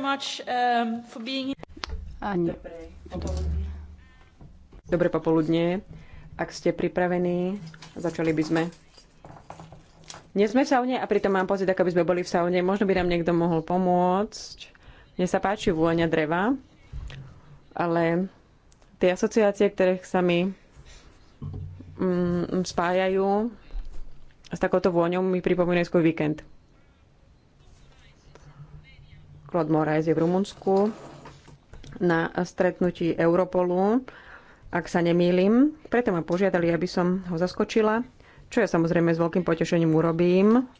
much um, for being Ani. Dobre popoludne. Ak ste pripravení, začali by sme. Nie sme v saune a pritom mám pocit, ako by sme boli v saune. Možno by nám niekto mohol pomôcť. Mne sa páči vôňa dreva, ale tie asociácie, ktoré sa mi mm, spájajú s takouto vôňou, mi pripomínajú skôr víkend. Claude Moraes je v Rumunsku na stretnutí Europolu, ak sa nemýlim. Preto ma požiadali, aby som ho zaskočila, čo ja samozrejme s veľkým potešením urobím.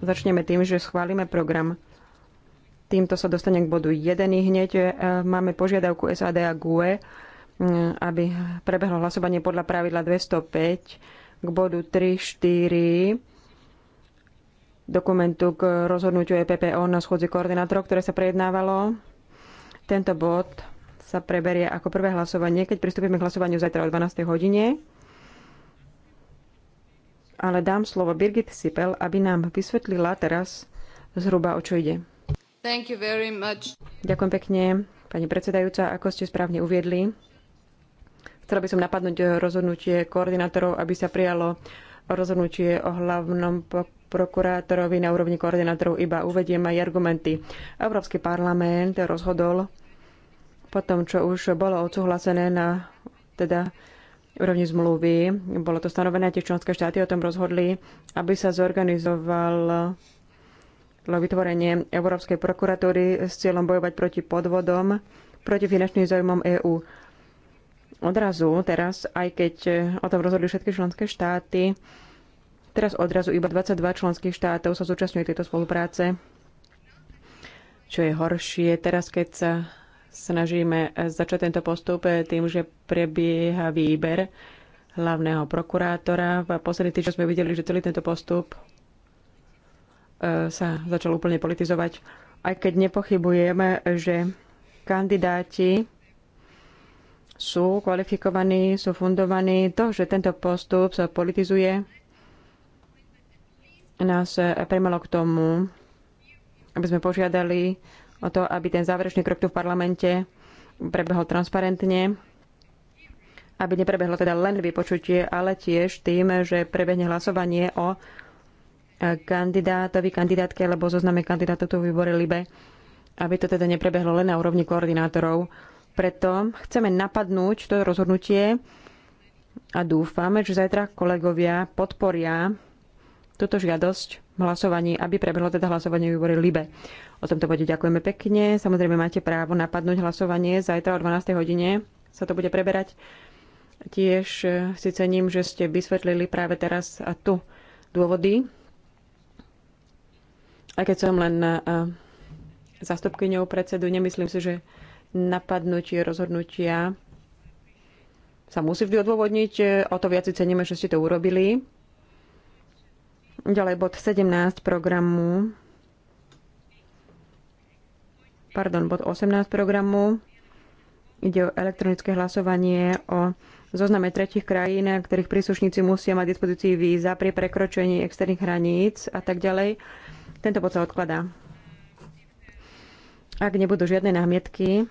Začneme tým, že schválime program. Týmto sa dostanem k bodu 1 hneď. E, máme požiadavku SAD a GUE, aby prebehlo hlasovanie podľa pravidla 205 k bodu 3, 4, dokumentu k rozhodnutiu EPPO na schodzi koordinátorov, ktoré sa prejednávalo. Tento bod sa preberie ako prvé hlasovanie, keď pristúpime k hlasovaniu zajtra o 12. hodine. Ale dám slovo Birgit Sipel, aby nám vysvetlila teraz zhruba o čo ide. Thank you very much. Ďakujem pekne, pani predsedajúca, ako ste správne uviedli. Chcela by som napadnúť rozhodnutie koordinátorov, aby sa prijalo rozhodnutie o hlavnom prokurátorovi na úrovni koordinátorov iba uvediem aj argumenty. Európsky parlament rozhodol po tom, čo už bolo odsúhlasené na teda úrovni zmluvy, bolo to stanovené, tie členské štáty o tom rozhodli, aby sa zorganizoval vytvorenie Európskej prokuratúry s cieľom bojovať proti podvodom, proti finančným záujmom EÚ odrazu teraz, aj keď eh, o tom rozhodli všetky členské štáty, teraz odrazu iba 22 členských štátov sa zúčastňuje tejto spolupráce. Čo je horšie, teraz keď sa snažíme eh, začať tento postup eh, tým, že prebieha výber hlavného prokurátora. V posledný týždeň sme videli, že celý tento postup sa začal úplne politizovať. Aj keď nepochybujeme, že kandidáti sú kvalifikovaní, sú fundovaní. To, že tento postup sa politizuje, nás eh, premalo k tomu, aby sme požiadali o to, aby ten záverečný krok tu v parlamente prebehol transparentne, aby neprebehlo teda len vypočutie, ale tiež tým, že prebehne hlasovanie o eh, kandidátovi, kandidátke alebo zozname kandidátov tu výbore LIBE, aby to teda neprebehlo len na úrovni koordinátorov, preto chceme napadnúť to rozhodnutie a dúfame, že zajtra kolegovia podporia túto žiadosť v hlasovaní, aby prebehlo teda hlasovanie výbory LIBE. O tomto bode ďakujeme pekne. Samozrejme máte právo napadnúť hlasovanie. Zajtra o 12. hodine sa to bude preberať. Tiež eh, si cením, že ste vysvetlili práve teraz a tu dôvody. A keď som len eh, zastupkyňou predsedu, nemyslím si, že napadnutie rozhodnutia sa musí vždy odôvodniť. O to viac ceníme, že ste to urobili. Ďalej bod 17 programu. Pardon, bod 18 programu. Ide o elektronické hlasovanie o zozname tretich krajín, ktorých príslušníci musia mať dispozícii víza pri prekročení externých hraníc a tak ďalej. Tento bod sa odkladá. Ak nebudú žiadne námietky,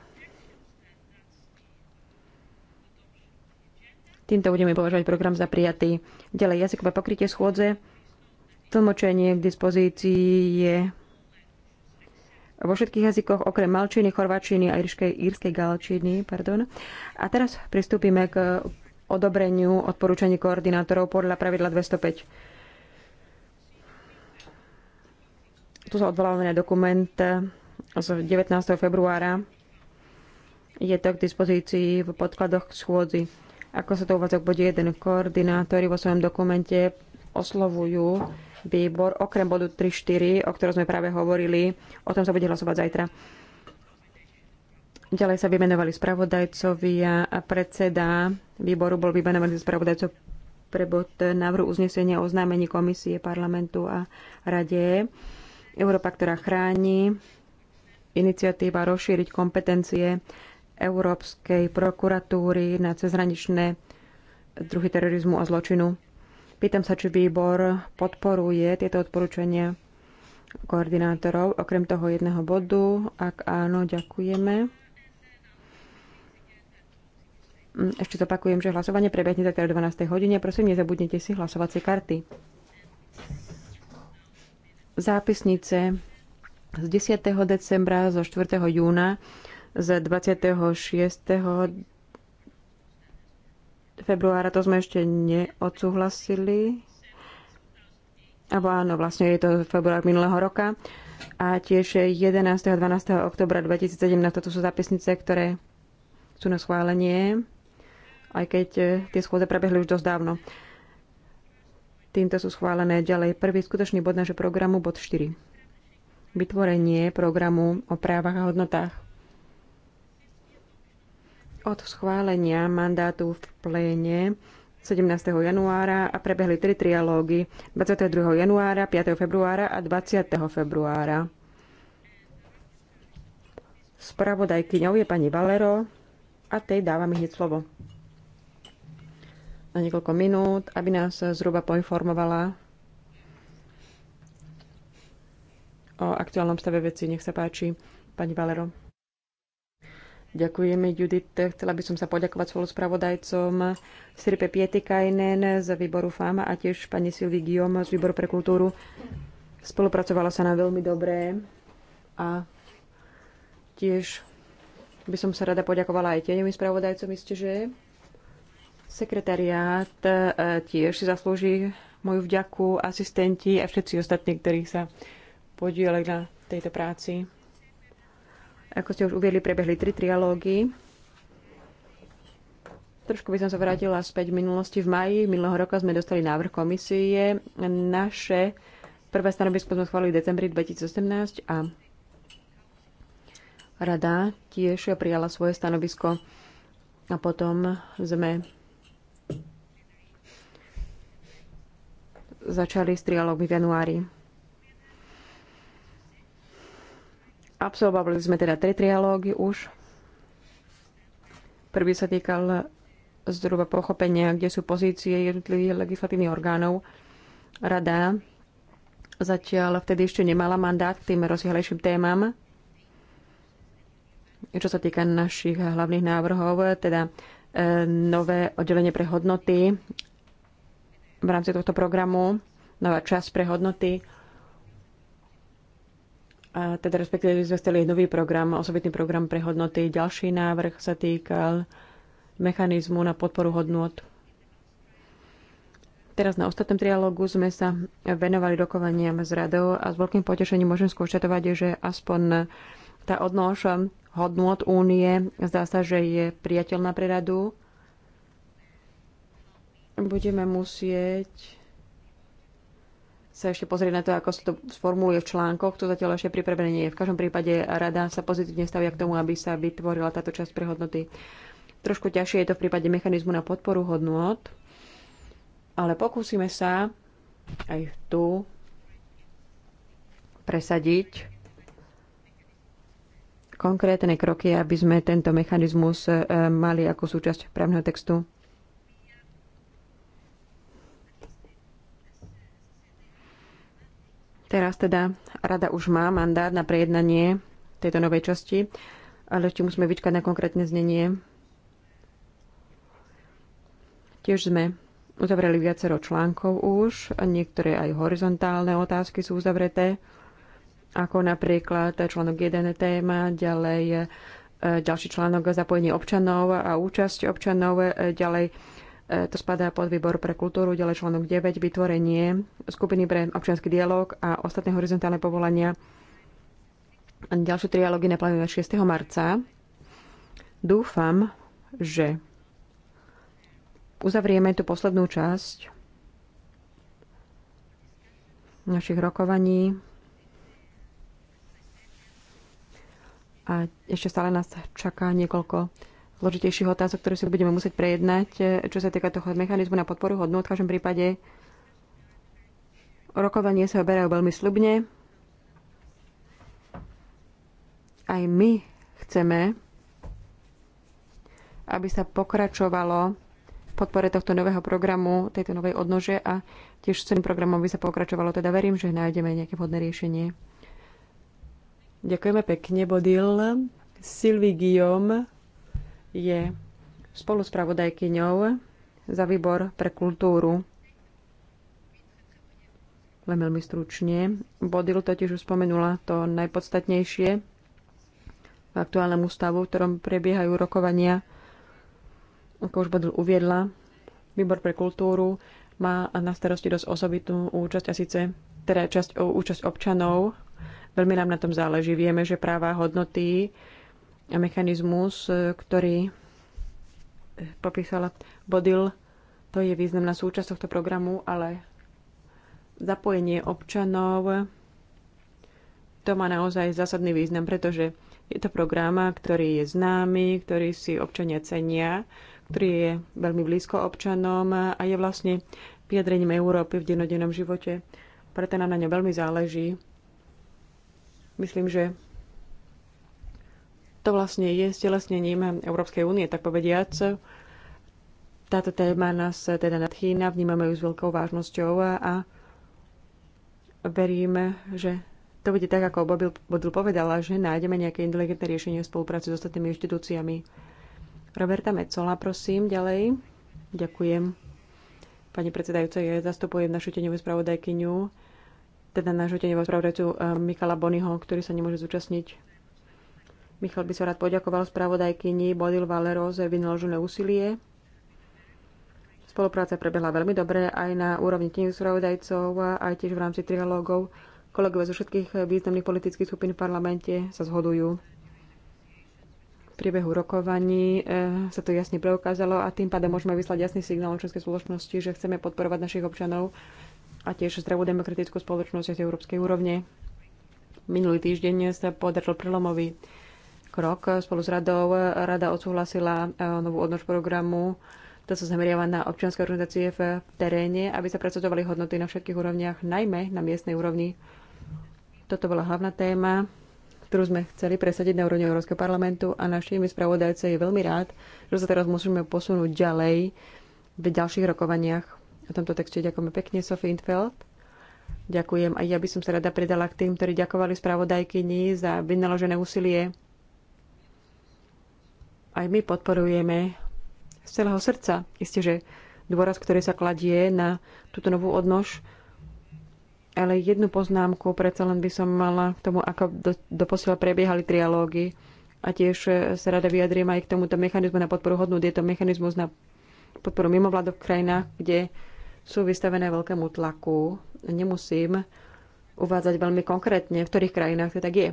Týmto budeme považovať program za prijatý. Ďalej, jazykové pokrytie schôdze. Tlmočenie k dispozícii je vo všetkých jazykoch okrem malčiny, chorvačiny a írskej, írskej galčiny. Pardon. A teraz pristúpime k odobreniu odporúčaní koordinátorov podľa pravidla 205. Tu sa odvolávame na dokument z 19. februára. Je to k dispozícii v podkladoch k schôdzi. Ako sa to uvádza v bode 1, koordinátori vo svojom dokumente oslovujú výbor, okrem bodu 3.4, o ktorom sme práve hovorili, o tom sa bude hlasovať zajtra. Ďalej sa vymenovali spravodajcovia a predseda výboru bol vymenovaný spravodajcov pre bod návrhu uznesenia o oznámení komisie parlamentu a rade. Európa, ktorá chráni iniciatíva rozšíriť kompetencie Európskej prokuratúry na cezhraničné druhy terorizmu a zločinu. Pýtam sa, či výbor podporuje tieto odporúčania koordinátorov, okrem toho jedného bodu. Ak áno, ďakujeme. Ešte zopakujem, že hlasovanie prebehne zatiaľ o 12. hodine. Prosím, nezabudnite si hlasovacie karty. Zápisnice z 10. decembra, zo 4. júna z 26. februára, to sme ešte neodsúhlasili. Abo áno, vlastne je to február minulého roka. A tiež 11. a 12. oktobra 2017, toto sú zápisnice, ktoré sú na schválenie, aj keď e, tie schôdze prebehli už dosť dávno. Týmto sú schválené ďalej prvý skutočný bod nášho programu, bod 4. Vytvorenie programu o právach a hodnotách. Od schválenia mandátu v pléne 17. januára a prebehli tri trialógy 22. januára, 5. februára a 20. februára. Spravodajkyňou je pani Valero a tej dávam hneď slovo na niekoľko minút, aby nás zhruba poinformovala o aktuálnom stave veci. Nech sa páči, pani Valero. Ďakujeme, Judith. Chcela by som sa poďakovať spoluspravodajcom Sirpe Pietikajnen z výboru FAM a tiež pani Silvi Giom z výboru pre kultúru. Spolupracovala sa nám veľmi dobré a tiež by som sa rada poďakovala aj tieňovým spravodajcom, isté, že sekretariát e, tiež si zaslúži moju vďaku, asistenti a všetci ostatní, ktorí sa podielali na tejto práci. Ako ste už uviedli, prebehli tri trialógy. Trošku by som sa vrátila späť v minulosti. V maji minulého roka sme dostali návrh komisie. Naše prvé stanovisko sme schválili v decembri 2018 a rada tiež prijala svoje stanovisko a potom sme začali s trialógmi v januári. Absolvovali sme teda tri trialógy už. Prvý sa týkal zdruba pochopenia, kde sú pozície jednotlivých legislatívnych orgánov. Rada zatiaľ vtedy ešte nemala mandát k tým rozsiahlejším témam, čo sa týka našich hlavných návrhov, teda e, nové oddelenie pre hodnoty v rámci tohto programu, nová časť pre hodnoty, a teda respektíve sme stali nový program, osobitný program pre hodnoty. Ďalší návrh sa týkal mechanizmu na podporu hodnot. Teraz na ostatnom trialógu sme sa venovali rokovaniam s radou a s veľkým potešením môžem skonštatovať, že aspoň tá odnož hodnot únie zdá sa, že je priateľná pre radu. Budeme musieť sa ešte pozrieť na to, ako sa to sformuluje v článkoch. To zatiaľ ešte pripravené nie je. V každom prípade rada sa pozitívne stavia k tomu, aby sa vytvorila táto časť pre hodnoty. Trošku ťažšie je to v prípade mechanizmu na podporu hodnot, ale pokúsime sa aj tu presadiť konkrétne kroky, aby sme tento mechanizmus eh, mali ako súčasť právneho textu. Teraz teda rada už má mandát na prejednanie tejto novej časti, ale ešte musíme vyčkať na konkrétne znenie. Tiež sme uzavreli viacero článkov už, a niektoré aj horizontálne otázky sú uzavreté, ako napríklad článok 1 téma, ďalej e, ďalší článok zapojenie občanov a účasť občanov, e, ďalej E, to spadá pod výbor pre kultúru, ďalej článok 9, vytvorenie skupiny pre občianský dialog a ostatné horizontálne povolania. Ďalšie trialógy naplánujeme 6. marca. Dúfam, že uzavrieme tú poslednú časť našich rokovaní. A ešte stále nás čaká niekoľko zložitejších otázok, ktoré si budeme musieť prejednať, e, čo sa týka toho mechanizmu na podporu hodnot. V každom prípade rokovanie sa oberajú veľmi slubne. Aj my chceme, aby sa pokračovalo v podpore tohto nového programu, tejto novej odnože a tiež s celým programom by sa pokračovalo. Teda verím, že nájdeme nejaké vhodné riešenie. Ďakujeme pekne, Bodil. Sylvie Guillaume je spoluspravodajkyňou za výbor pre kultúru. Len veľmi stručne. Bodil totiž už spomenula to najpodstatnejšie v aktuálnom ústavu, v ktorom prebiehajú rokovania. Ako už Bodil uviedla, výbor pre kultúru má na starosti dosť osobitú účasť a síce teda časť, účasť občanov. Veľmi nám na tom záleží. Vieme, že práva hodnoty mechanizmus, e, ktorý popísala Bodil, to je významná súčasť tohto programu, ale zapojenie občanov to má naozaj zásadný význam, pretože je to program, ktorý je známy, ktorý si občania cenia, ktorý je veľmi blízko občanom a je vlastne vyjadrením Európy v dennodennom živote. Preto nám na ňo veľmi záleží. Myslím, že to vlastne je stelesnením Európskej únie, tak povediac. Táto téma nás teda nadchýna, vnímame ju s veľkou vážnosťou a veríme, že to bude tak, ako Bobil, Bodil povedala, že nájdeme nejaké inteligentné riešenie v spolupráci s ostatnými inštitúciami. Roberta Mecola, prosím, ďalej. Ďakujem. Pani predsedajúca, ja zastupujem našu teňovú spravodajkyňu, teda nášho teňovú spravodajcu eh, Mikala Bonyho, ktorý sa nemôže zúčastniť Michal by sa rád poďakoval spravodajkyni Bodil Valero za vynaložené úsilie. Spolupráca prebehla veľmi dobre aj na úrovni tým spravodajcov, aj tiež v rámci trialógov. Kolegovia zo všetkých významných politických skupín v parlamente sa zhodujú. V priebehu rokovaní eh, sa to jasne preukázalo a tým pádom môžeme vyslať jasný signál členskej spoločnosti, že chceme podporovať našich občanov a tiež zdravú demokratickú spoločnosť z európskej úrovne. Minulý týždeň sa podaril prelomový krok spolu s radou. Rada odsúhlasila e, novú odnož programu, to sa zameriava na občianske organizácie v teréne, aby sa predsudovali hodnoty na všetkých úrovniach, najmä na miestnej úrovni. Toto bola hlavná téma, ktorú sme chceli presadiť na úrovni Európskeho parlamentu a našimi spravodajce je veľmi rád, že sa teraz musíme posunúť ďalej v ďalších rokovaniach. O tomto texte ďakujeme pekne, Sophie Intfeld. Ďakujem a ja by som sa rada predala k tým, ktorí ďakovali spravodajkyni za vynaložené úsilie aj my podporujeme z celého srdca. Isté, že dôraz, ktorý sa kladie na túto novú odnož, ale jednu poznámku predsa len by som mala k tomu, ako do, doposiaľ prebiehali trialógy a tiež eh, sa rada vyjadrím aj k tomuto mechanizmu na podporu hodnú. Je to mechanizmus na podporu mimovládok v krajinách, kde sú vystavené veľkému tlaku. Nemusím uvádzať veľmi konkrétne, v ktorých krajinách to tak je.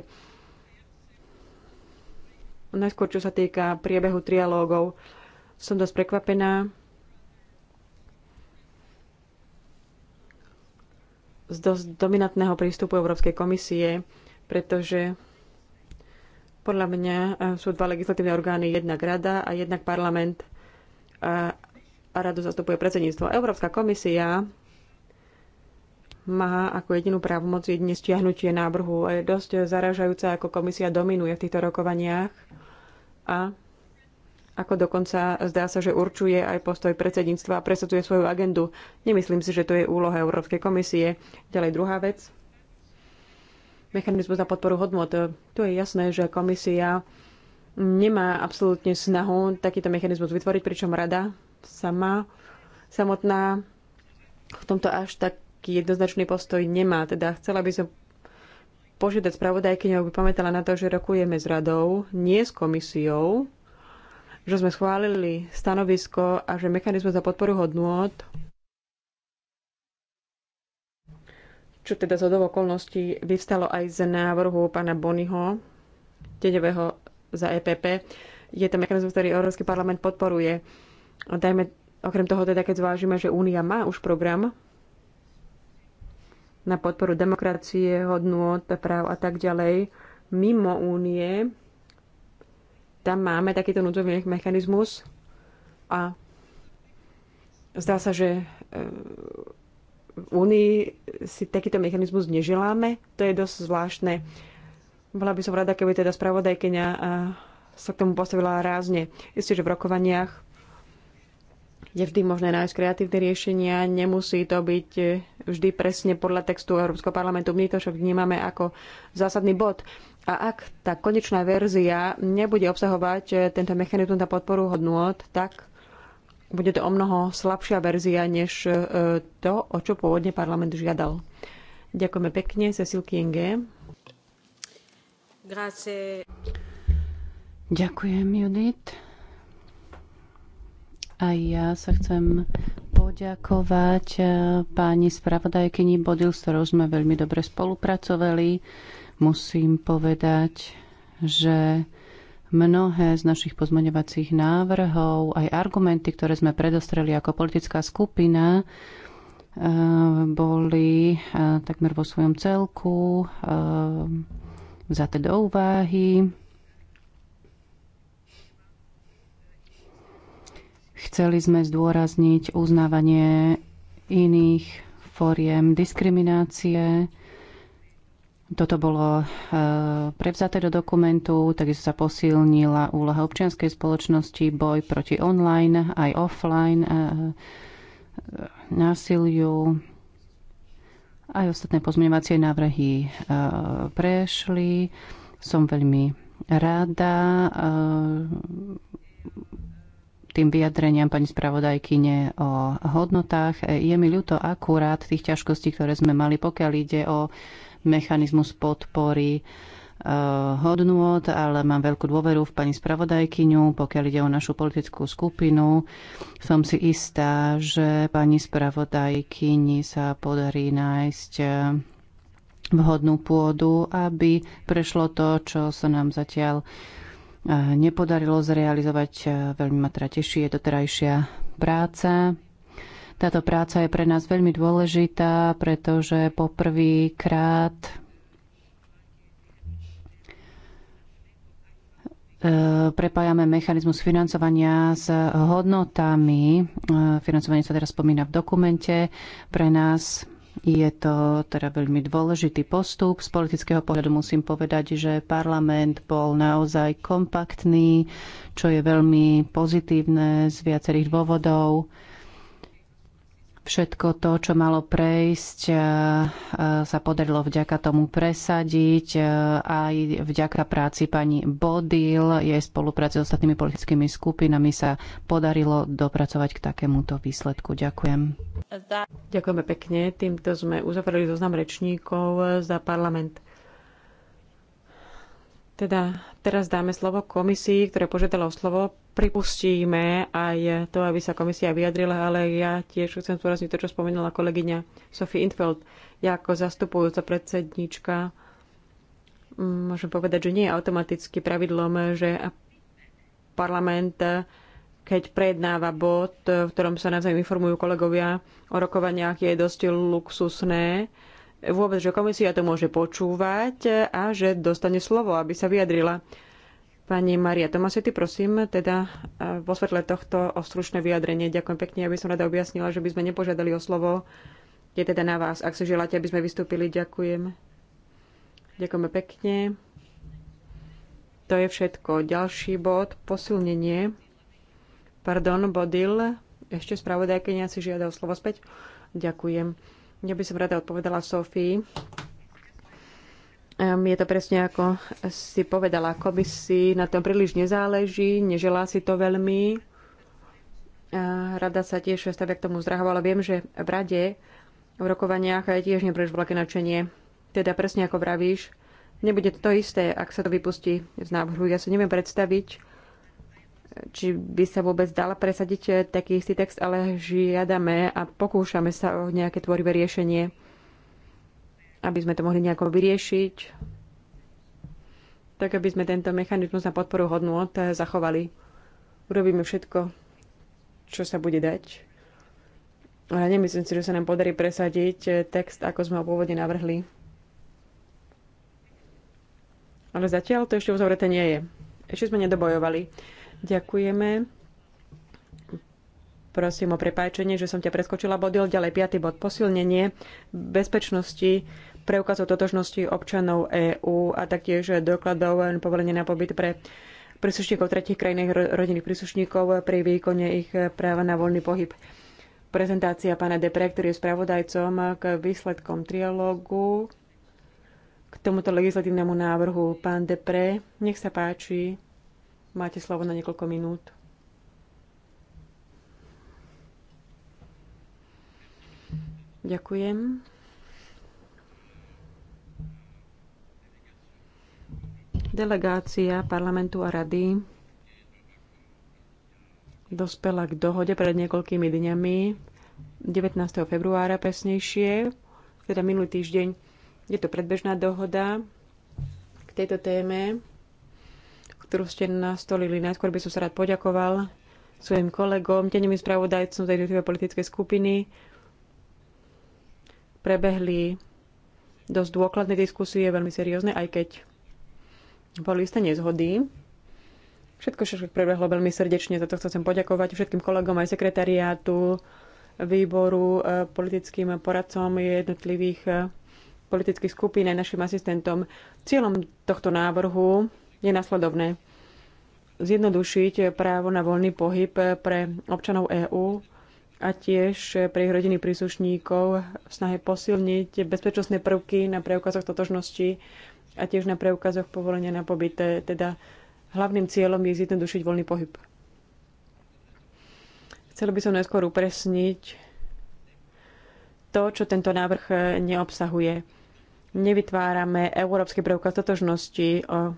Najskôr, čo sa týka priebehu trialógov, som dosť prekvapená. z dosť dominantného prístupu Európskej komisie, pretože podľa mňa e, sú dva legislatívne orgány, jednak rada a jednak parlament a, e, a radu zastupuje predsedníctvo. Európska komisia má ako jedinú právomoc jedine stiahnutie návrhu. je dosť zaražajúce, ako komisia dominuje v týchto rokovaniach a ako dokonca zdá sa, že určuje aj postoj predsedníctva a presadzuje svoju agendu. Nemyslím si, že to je úloha Európskej komisie. Ďalej druhá vec. Mechanizmus na podporu hodnot. Tu je jasné, že komisia nemá absolútne snahu takýto mechanizmus vytvoriť, pričom rada sama samotná v tomto až taký jednoznačný postoj nemá. Teda chcela by som požiadať spravodajkyňu, aby pamätala na to, že rokujeme s radou, nie s komisiou, že sme schválili stanovisko a že mechanizmus za podporu hodnôt, čo teda z okolností vyvstalo aj z návrhu pána Bonyho, tedevého za EPP, je to mechanizmus, ktorý Európsky parlament podporuje. Dajme, okrem toho, teda, keď zvážime, že Únia má už program na podporu demokracie, hodnôt, práv a tak ďalej mimo únie. Tam máme takýto núdzový mechanizmus a zdá sa, že e, v únii si takýto mechanizmus neželáme. To je dosť zvláštne. Bola by som rada, keby teda spravodajkyňa e, sa k tomu postavila rázne. Isté, že v rokovaniach je vždy možné nájsť kreatívne riešenia, nemusí to byť e, vždy presne podľa textu Európskeho parlamentu. My to však vnímame ako zásadný bod. A ak tá konečná verzia nebude obsahovať e, tento mechanizmus na podporu hodnôt, tak bude to o mnoho slabšia verzia, než e, to, o čo pôvodne parlament žiadal. Ďakujeme pekne, Cecil Kienge. Grazie. Ďakujem, Judith. Aj ja sa chcem poďakovať eh, pani spravodajkyni Bodil, s ktorou sme veľmi dobre spolupracovali. Musím povedať, že mnohé z našich pozmeňovacích návrhov, aj argumenty, ktoré sme predostreli ako politická skupina, eh, boli eh, takmer vo svojom celku vzaté do úvahy. Chceli sme zdôrazniť uznávanie iných fóriem diskriminácie. Toto bolo e, prevzaté do dokumentu, takisto sa posilnila úloha občianskej spoločnosti, boj proti online aj offline e, e, násiliu. Aj ostatné pozmeňovacie návrhy prešli. Som veľmi rada, tým vyjadreniam pani spravodajkyne o hodnotách. Je mi ľúto akurát tých ťažkostí, ktoré sme mali, pokiaľ ide o mechanizmus podpory e, hodnôt, ale mám veľkú dôveru v pani spravodajkyňu, pokiaľ ide o našu politickú skupinu. Som si istá, že pani spravodajkyni sa podarí nájsť e, vhodnú pôdu, aby prešlo to, čo sa nám zatiaľ nepodarilo zrealizovať. E, veľmi ma teda teší je terajšia práca. Táto práca je pre nás veľmi dôležitá, pretože poprvýkrát e, prepájame mechanizmus financovania s hodnotami. E, financovanie sa teraz spomína v dokumente. Pre nás je to teda veľmi dôležitý postup. Z politického pohľadu musím povedať, že parlament bol naozaj kompaktný, čo je veľmi pozitívne z viacerých dôvodov. Všetko to, čo malo prejsť, e, e, sa podarilo vďaka tomu presadiť e, aj vďaka práci pani Bodil, jej spolupráci s ostatnými politickými skupinami sa podarilo dopracovať k takémuto výsledku. Ďakujem. Ďakujeme pekne. Týmto sme uzavreli zoznam rečníkov za parlament. Teda teraz dáme slovo komisii, ktoré požiadalo slovo. Pripustíme aj to, aby sa komisia vyjadrila, ale ja tiež chcem zdôrazniť to, čo spomenula kolegyňa Sophie Infeld. Ja ako zastupujúca predsedníčka mm, môžem povedať, že nie je automaticky pravidlom, že parlament, keď prednáva bod, v ktorom sa navzájom informujú kolegovia o rokovaniach, je dosť luxusné vôbec, že komisia to môže počúvať a že dostane slovo, aby sa vyjadrila. Pani Maria Tomasety, prosím, teda e, vo svetle tohto o stručné vyjadrenie ďakujem pekne, aby som rada objasnila, že by sme nepožiadali o slovo. Je teda na vás. Ak si želáte, aby sme vystúpili, ďakujem. Ďakujeme pekne. To je všetko. Ďalší bod, posilnenie. Pardon, bodil. Ešte spravodajkenia si žiada o slovo späť. Ďakujem. Ja by som rada odpovedala Sofii. Um, je to presne ako si povedala, si na tom príliš nezáleží, neželá si to veľmi. Uh, rada sa tiež stavia k tomu zdraho, ale viem, že v rade v rokovaniach aj tiež nebudeš veľké nadšenie. Teda presne ako vravíš, nebude to isté, ak sa to vypustí z návrhu. Ja si neviem predstaviť, či by sa vôbec dala presadiť eh, taký istý text, ale žiadame a pokúšame sa o nejaké tvorivé riešenie, aby sme to mohli nejako vyriešiť, tak aby sme tento mechanizmus na podporu hodnot eh, zachovali. Urobíme všetko, čo sa bude dať. Ale nemyslím si, že sa nám podarí presadiť eh, text, ako sme ho pôvodne navrhli. Ale zatiaľ to ešte uzavreté nie je. Ešte sme nedobojovali Ďakujeme. Prosím o prepáčenie, že som ťa preskočila bodil. Ďalej piatý bod. Posilnenie bezpečnosti preukazov totožnosti občanov EÚ a taktiež dokladov povolenia na pobyt pre príslušníkov tretich krajín rodinných príslušníkov pri výkone ich práva na voľný pohyb. Prezentácia pána Depre, ktorý je spravodajcom k výsledkom trialógu k tomuto legislatívnemu návrhu. Pán Depre, nech sa páči. Máte slovo na niekoľko minút. Ďakujem. Delegácia parlamentu a rady dospela k dohode pred niekoľkými dňami, 19. februára presnejšie, teda minulý týždeň. Je to predbežná dohoda k tejto téme ktorú ste nastolili. Najskôr by som sa rád poďakoval svojim kolegom, tenými spravodajcom z jednotlivé politické skupiny. Prebehli dosť dôkladné diskusie, veľmi seriózne, aj keď boli isté nezhody. Všetko však prebehlo veľmi srdečne, za to chcem poďakovať všetkým kolegom aj sekretariátu, výboru, e, politickým poradcom jednotlivých e, politických skupín aj našim asistentom. Cieľom tohto návrhu je nasledovné. Zjednodušiť právo na voľný pohyb pre občanov EÚ a tiež pre ich rodiny príslušníkov v snahe posilniť bezpečnostné prvky na preukazoch totožnosti a tiež na preukazoch povolenia na pobyt. Teda hlavným cieľom je zjednodušiť voľný pohyb. Chcel by som najskôr upresniť to, čo tento návrh neobsahuje. Nevytvárame európsky preukaz totožnosti, o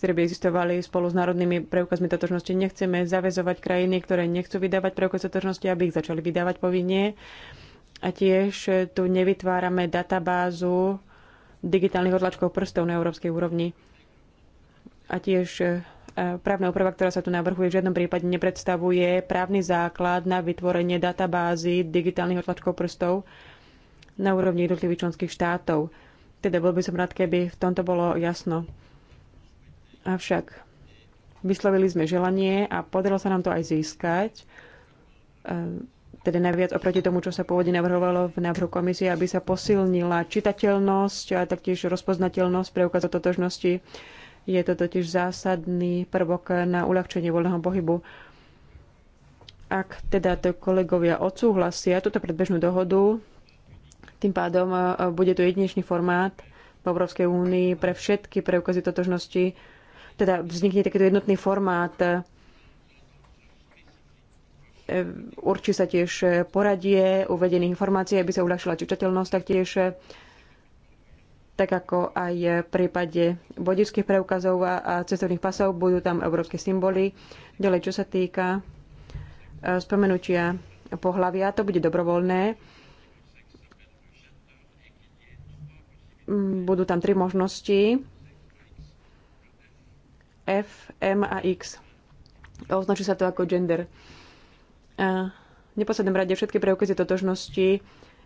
ktoré by existovali spolu s národnými preukazmi totožnosti. Nechceme zavezovať krajiny, ktoré nechcú vydávať preukaz totožnosti, aby ich začali vydávať povinne. A tiež tu nevytvárame databázu digitálnych odlačkov prstov na európskej úrovni. A tiež e, právna úprava, ktorá sa tu navrhuje, v žiadnom prípade nepredstavuje právny základ na vytvorenie databázy digitálnych odlačkov prstov na úrovni jednotlivých členských štátov. Teda bol by som rád, keby v tomto bolo jasno. Avšak vyslovili sme želanie a podarilo sa nám to aj získať, teda najviac oproti tomu, čo sa pôvodne navrhovalo v návrhu komisie, aby sa posilnila čitateľnosť a taktiež rozpoznateľnosť preukazu totožnosti. Je to totiž zásadný prvok na uľahčenie voľného pohybu. Ak teda to kolegovia odsúhlasia túto predbežnú dohodu, tým pádom e, bude to jedinečný formát v Európskej únii pre všetky preukazy totožnosti, teda vznikne takýto jednotný formát. E, určí sa tiež poradie uvedených informácií, aby sa uľahčila čitateľnosť, taktiež e, tak ako aj v prípade vodičských preukazov a cestovných pasov, budú tam európske symboly. Ďalej, čo sa týka e, spomenutia pohlavia, to bude dobrovoľné. Mm, budú tam tri možnosti F, M a X. Označí sa to ako gender. A v neposlednom rade všetky preukazy totožnosti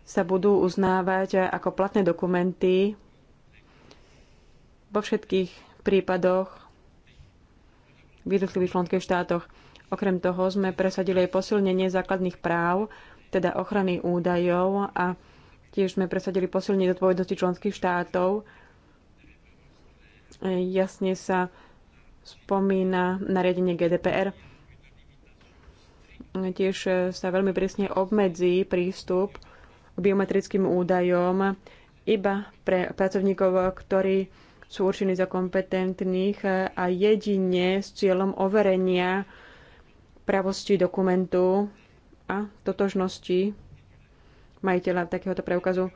sa budú uznávať ako platné dokumenty vo všetkých prípadoch v jednotlivých členských štátoch. Okrem toho sme presadili aj posilnenie základných práv, teda ochrany údajov a tiež sme presadili posilnenie zodpovednosti členských štátov. Jasne sa spomína nariadenie GDPR. Tiež sa veľmi presne obmedzí prístup k biometrickým údajom iba pre pracovníkov, ktorí sú určení za kompetentných a jedine s cieľom overenia pravosti dokumentu a totožnosti majiteľa takéhoto preukazu.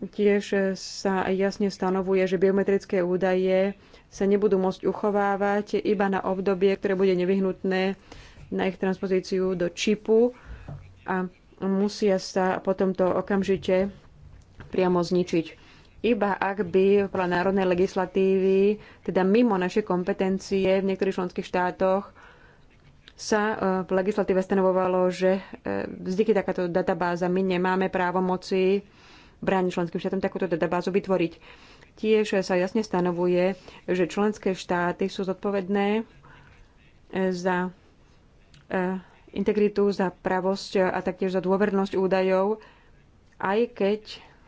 Tiež sa jasne stanovuje, že biometrické údaje sa nebudú môcť uchovávať iba na obdobie, ktoré bude nevyhnutné na ich transpozíciu do čipu a musia sa potom to okamžite priamo zničiť. Iba ak by podľa národnej legislatívy, teda mimo naše kompetencie v niektorých členských štátoch, sa e, v legislatíve stanovovalo, že e, vzniky takáto databáza my nemáme právomoci moci bráni členským štátom takúto databázu vytvoriť. Tiež sa jasne stanovuje, že členské štáty sú zodpovedné eh, za eh, integritu, za pravosť a taktiež za dôvernosť údajov, aj keď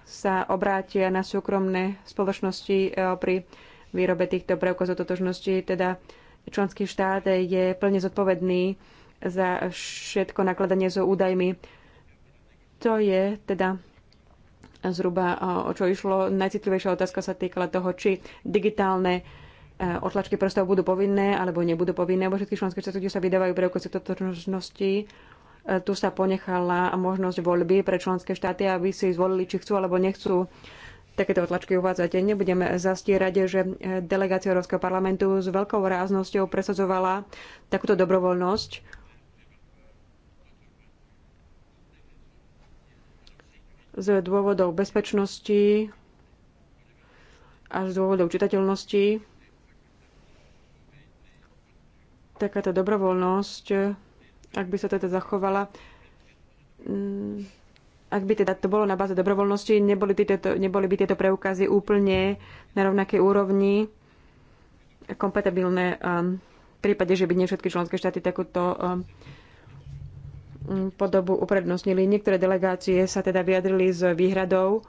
sa obrátia na súkromné spoločnosti eh, pri výrobe týchto preukazov totožnosti, teda členský štát je plne zodpovedný za všetko nakladanie so údajmi. To je teda zhruba o čo išlo. Najcitlivejšia otázka sa týkala toho, či digitálne e, otlačky prstov budú povinné alebo nebudú povinné, vo všetkých štáty štátoch, sa vydávajú preukazy totožnosti. E, tu sa ponechala možnosť voľby pre členské štáty, aby si zvolili, či chcú alebo nechcú takéto otlačky uvádzať. Nebudem zastierať, že e, delegácia Európskeho parlamentu s veľkou ráznosťou presadzovala takúto dobrovoľnosť z dôvodov bezpečnosti a z dôvodov čitateľnosti. Takáto dobrovoľnosť, ak by sa teda zachovala, mm, ak by teda to bolo na báze dobrovoľnosti, neboli, tieto, neboli by tieto preukazy úplne na rovnakej úrovni kompatibilné v prípade, že by nie všetky členské štáty takúto podobu uprednostnili. Niektoré delegácie sa teda vyjadrili s výhradou,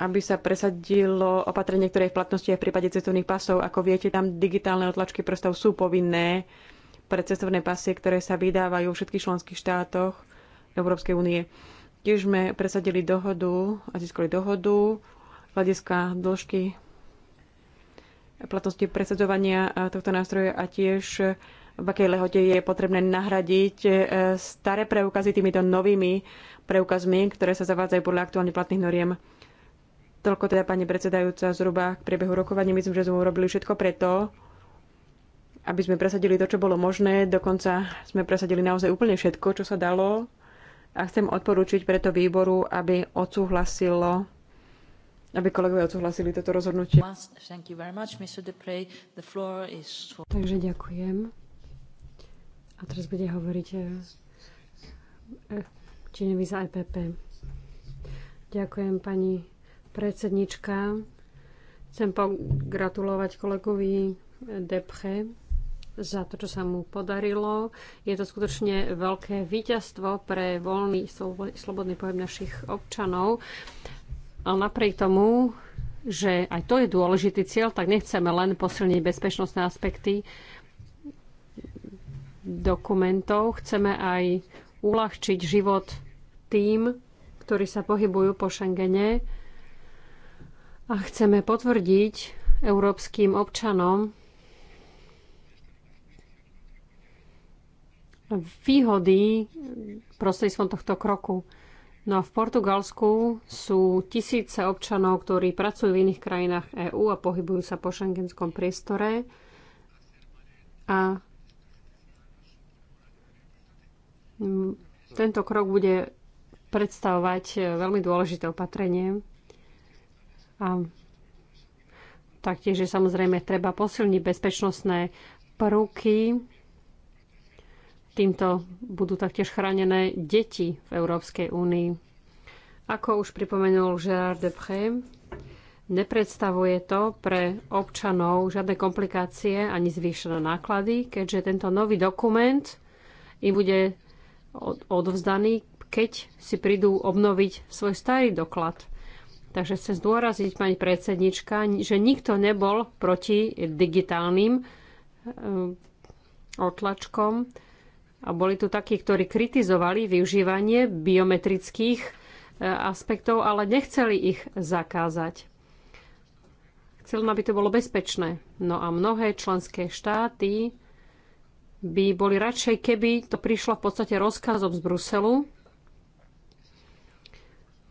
aby sa presadilo opatrenie, ktoré je v platnosti aj v prípade cestovných pasov. Ako viete, tam digitálne otlačky prstov sú povinné pre cestovné pasy, ktoré sa vydávajú v všetkých členských štátoch Európskej únie. Tiež sme presadili dohodu a získali dohodu hľadiska dĺžky platnosti presadzovania eh, tohto nástroja a tiež eh, v akej lehote je potrebné nahradiť eh, staré preukazy týmito novými preukazmi, ktoré sa zavádzajú podľa aktuálne platných noriem. Toľko teda, pani predsedajúca, zhruba k priebehu rokovania. Myslím, že sme urobili všetko preto, aby sme presadili to, čo bolo možné. Dokonca sme presadili naozaj úplne všetko, čo sa dalo. A chcem odporúčiť preto výboru, aby odsúhlasilo aby kolegovia odsúhlasili toto rozhodnutie. Takže ďakujem. A teraz bude hovoriť Činevi za EPP. Ďakujem pani predsednička. Chcem pogratulovať kolegovi Depche za to, čo sa mu podarilo. Je to skutočne veľké víťazstvo pre voľný, slobodný pohyb našich občanov. Ale napriek tomu, že aj to je dôležitý cieľ, tak nechceme len posilniť bezpečnostné aspekty dokumentov. Chceme aj uľahčiť život tým, ktorí sa pohybujú po Schengene a chceme potvrdiť európskym občanom výhody prostredstvom tohto kroku. No a v Portugalsku sú tisíce občanov, ktorí pracujú v iných krajinách EÚ a pohybujú sa po šengenskom priestore. A tento krok bude predstavovať e, veľmi dôležité opatrenie. A taktiež je samozrejme treba posilniť bezpečnostné prvky Týmto budú taktiež chránené deti v Európskej únii. Ako už pripomenul Gérard Depré, nepredstavuje to pre občanov žiadne komplikácie ani zvýšené náklady, keďže tento nový dokument im bude odovzdaný, keď si prídu obnoviť svoj starý doklad. Takže chcem zdôraziť, pani predsednička, že nikto nebol proti digitálnym eh, otlačkom. A boli tu takí, ktorí kritizovali využívanie biometrických e, aspektov, ale nechceli ich zakázať. Chcel, aby to bolo bezpečné. No a mnohé členské štáty by boli radšej, keby to prišlo v podstate rozkazom z Bruselu.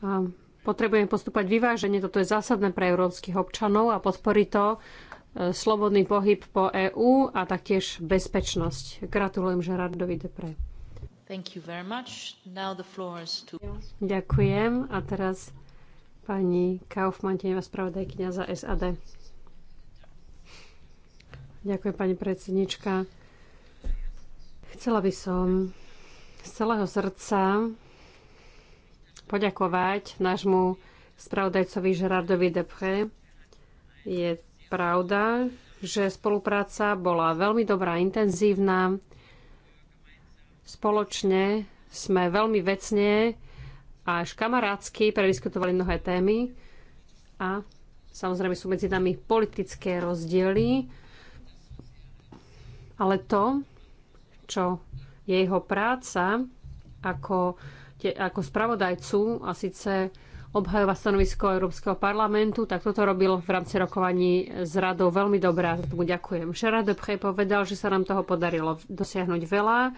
A potrebujeme postúpať vyváženie, toto je zásadné pre európskych občanov a podporiť to slobodný pohyb po EÚ a taktiež bezpečnosť. Gratulujem Žerardovi Depre. Thank you very much. Now the floor is to... Ďakujem. A teraz pani Kaufmann, tenia spravodajkynia za SAD. Ďakujem, pani predsednička. Chcela by som z celého srdca poďakovať nášmu spravodajcovi Gerardovi Depre. Je pravda, že spolupráca bola veľmi dobrá, intenzívna. Spoločne sme veľmi vecne a až kamarátsky prediskutovali mnohé témy a samozrejme sú medzi nami politické rozdiely, ale to, čo je jeho práca ako, ako spravodajcu a síce obhajovať stanovisko Európskeho parlamentu, tak toto robil v rámci rokovaní s radou veľmi dobré a tomu ďakujem. Gerard Depré povedal, že sa nám toho podarilo dosiahnuť veľa.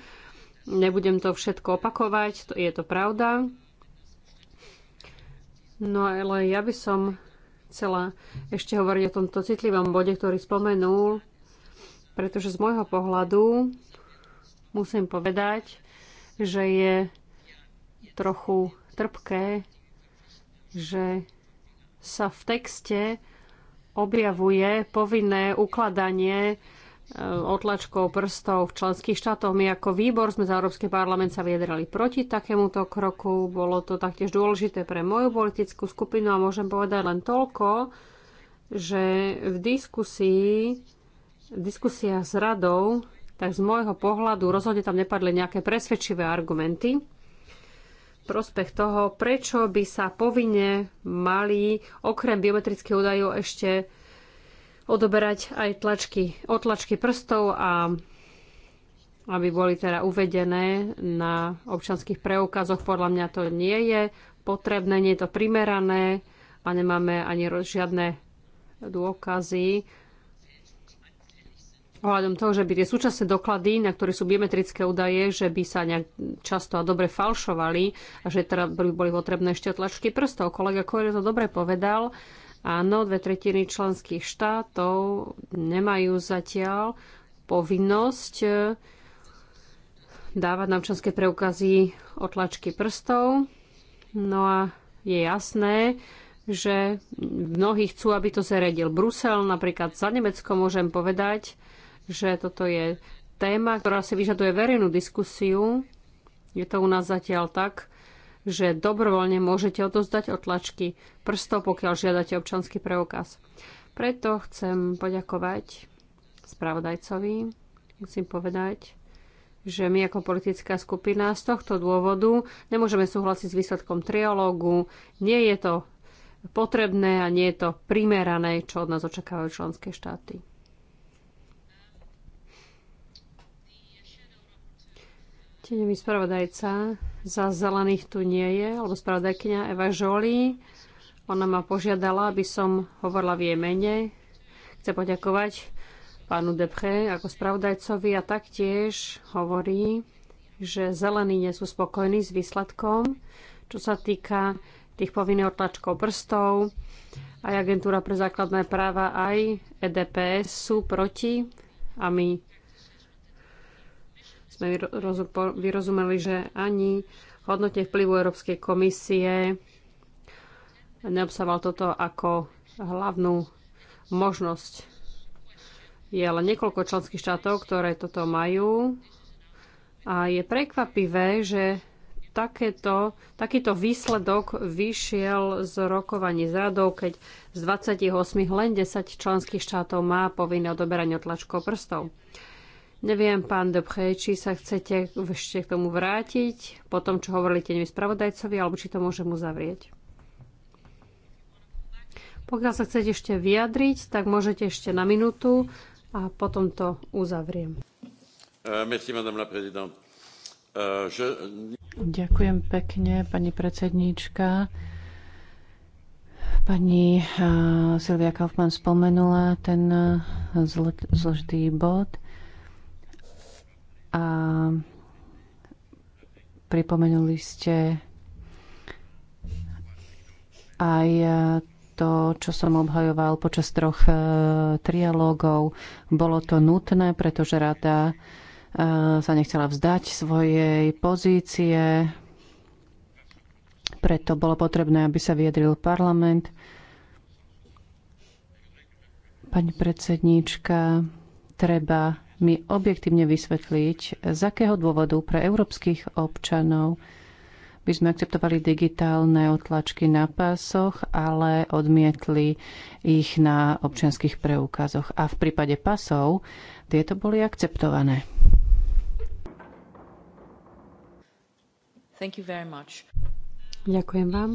Nebudem to všetko opakovať, to, je to pravda. No ale ja by som chcela ešte hovoriť o tomto citlivom bode, ktorý spomenul, pretože z môjho pohľadu musím povedať, že je trochu trpké že sa v texte objavuje povinné ukladanie e, otlačkou prstov v členských štátoch. My ako výbor sme za Európsky parlament sa vyjadrali proti takémuto kroku. Bolo to taktiež dôležité pre moju politickú skupinu a môžem povedať len toľko, že v diskusii, diskusia s radou, tak z môjho pohľadu rozhodne tam nepadli nejaké presvedčivé argumenty prospech toho, prečo by sa povinne mali okrem biometrických údajov ešte odoberať aj tlačky, otlačky prstov a aby boli teda uvedené na občanských preukazoch. Podľa mňa to nie je potrebné, nie je to primerané a nemáme ani žiadne dôkazy ohľadom toho, že by tie súčasné doklady, na ktoré sú biometrické údaje, že by sa nejak často a dobre falšovali a že teda by boli potrebné ešte tlačky prstov. Kolega Kojer to dobre povedal. Áno, dve tretiny členských štátov nemajú zatiaľ povinnosť e, dávať na občanské preukazy otlačky prstov. No a je jasné, že mnohí chcú, aby to zariadil Brusel. Napríklad za Nemecko môžem povedať, že toto je téma, ktorá si vyžaduje verejnú diskusiu. Je to u nás zatiaľ tak, že dobrovoľne môžete odozdať otlačky prstov, pokiaľ žiadate občanský preukaz. Preto chcem poďakovať spravodajcovi. Musím povedať, že my ako politická skupina z tohto dôvodu nemôžeme súhlasiť s výsledkom trialógu. Nie je to potrebné a nie je to primerané, čo od nás očakávajú členské štáty. Tieňový spravodajca za zelených tu nie je, alebo spravodajkňa Eva Žolí. Ona ma požiadala, aby som hovorila v jej mene. Chce poďakovať pánu Depre ako spravodajcovi a taktiež hovorí, že zelení nie sú spokojní s výsledkom, čo sa týka tých povinných otlačkov prstov. Aj agentúra pre základné práva, aj EDPS sú proti a my sme vyrozumeli, že ani hodnote vplyvu Európskej komisie neobsahoval toto ako hlavnú možnosť. Je ale niekoľko členských štátov, ktoré toto majú. A je prekvapivé, že takéto, takýto výsledok vyšiel z rokovaní s radou, keď z 28 len 10 členských štátov má povinné odoberanie otlačkov prstov. Neviem, pán Dobche, či sa chcete ešte k tomu vrátiť, po tom, čo hovorili tenevi spravodajcovi, alebo či to môžem uzavrieť. Pokiaľ sa chcete ešte vyjadriť, tak môžete ešte na minútu a potom to uzavriem. Uh, merci, madame la présidente. Uh, je... Ďakujem pekne, pani predsedníčka. Pani uh, Silvia Kaufmann spomenula ten zložitý bod a pripomenuli ste aj to, čo som obhajoval počas troch e, trialógov. Bolo to nutné, pretože rada e, sa nechcela vzdať svojej pozície, preto bolo potrebné, aby sa vyjadril parlament. Pani predsedníčka, treba mi objektívne vysvetliť, z akého dôvodu pre európskych občanov by sme akceptovali digitálne otlačky na pásoch, ale odmietli ich na občianských preukazoch. A v prípade pasov tieto boli akceptované. Thank you very much. Ďakujem vám.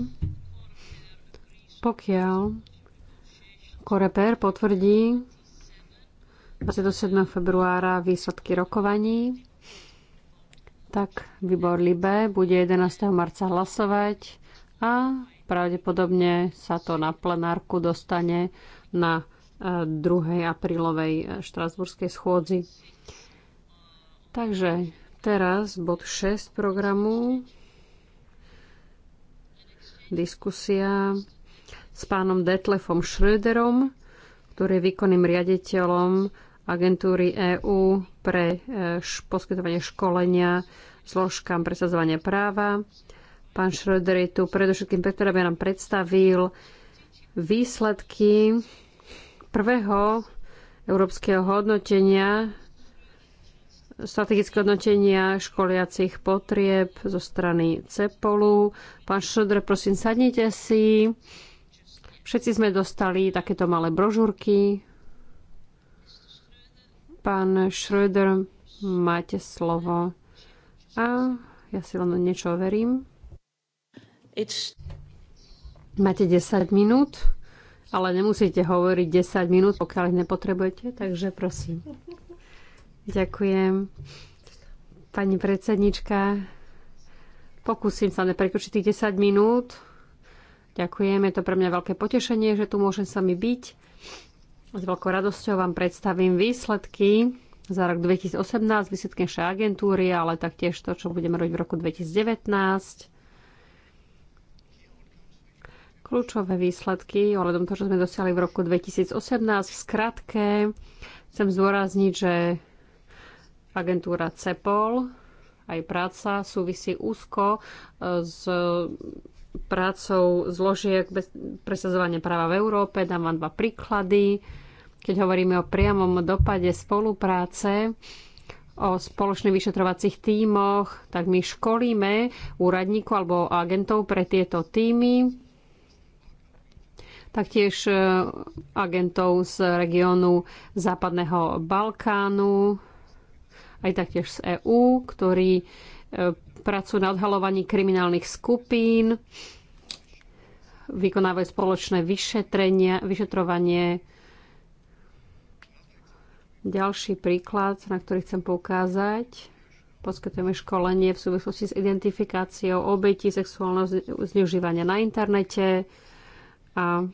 Pokiaľ Koreper potvrdí 27. februára výsledky rokovaní. Tak výbor Libe bude 11. marca hlasovať a pravdepodobne sa to na plenárku dostane na 2. E, aprílovej e, štrasburskej schôdzi. Takže teraz bod 6 programu. Diskusia s pánom Detlefom Schröderom, ktorý je výkonným riaditeľom agentúry EÚ pre e, poskytovanie školenia zložkám presadzovania práva. Pán Schröder je tu predovšetkým preto, aby nám predstavil výsledky prvého európskeho hodnotenia strategické hodnotenia školiacich potrieb zo strany CEPOLu. Pán Šodr, prosím, sadnite si. Všetci sme dostali takéto malé brožúrky, Pán Schröder, máte slovo. A ja si len niečo overím. It's... Máte 10 minút, ale nemusíte hovoriť 10 minút, pokiaľ ich nepotrebujete, takže prosím. Ďakujem. Pani predsednička, pokúsim sa neprekročiť tých 10 minút. Ďakujem, je to pre mňa veľké potešenie, že tu môžem sami byť. S veľkou radosťou vám predstavím výsledky za rok 2018, výsledky našej agentúry, ale taktiež to, čo budeme robiť v roku 2019. Kľúčové výsledky ohľadom toho, čo sme dosiahli v roku 2018. V skratke chcem zdôrazniť, že agentúra CEPOL aj práca súvisí úzko eh, s prácou zložiek bez presadzovania práva v Európe. Dám vám dva príklady keď hovoríme o priamom dopade spolupráce, o spoločných vyšetrovacích tímoch, tak my školíme úradníkov alebo agentov pre tieto týmy, taktiež e, agentov z regiónu Západného Balkánu, aj taktiež z EÚ, ktorí e, pracujú na odhalovaní kriminálnych skupín, vykonávajú spoločné vyšetrenia, vyšetrovanie ďalší príklad, na ktorý chcem poukázať, poskytujeme školenie v súvislosti s identifikáciou obetí sexuálneho zneužívania na internete a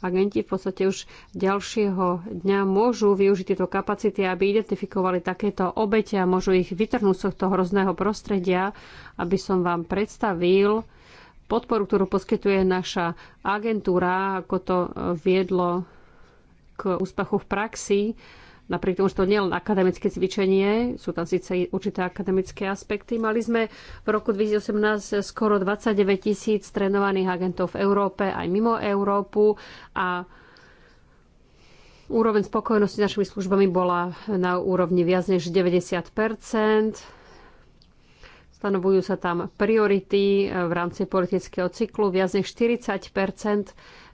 agenti v podstate už ďalšieho dňa môžu využiť tieto kapacity, aby identifikovali takéto obete a môžu ich vytrhnúť z tohto hrozného prostredia, aby som vám predstavil podporu, ktorú poskytuje naša agentúra, ako to viedlo k úspechu v praxi. Napriek tomu, že to nie je len akademické cvičenie, sú tam síce určité akademické aspekty. Mali sme v roku 2018 skoro 29 tisíc trénovaných agentov v Európe, aj mimo Európu a úroveň spokojnosti s našimi službami bola na úrovni viac než 90 Stanovujú sa tam priority v rámci politického cyklu. Viac než 40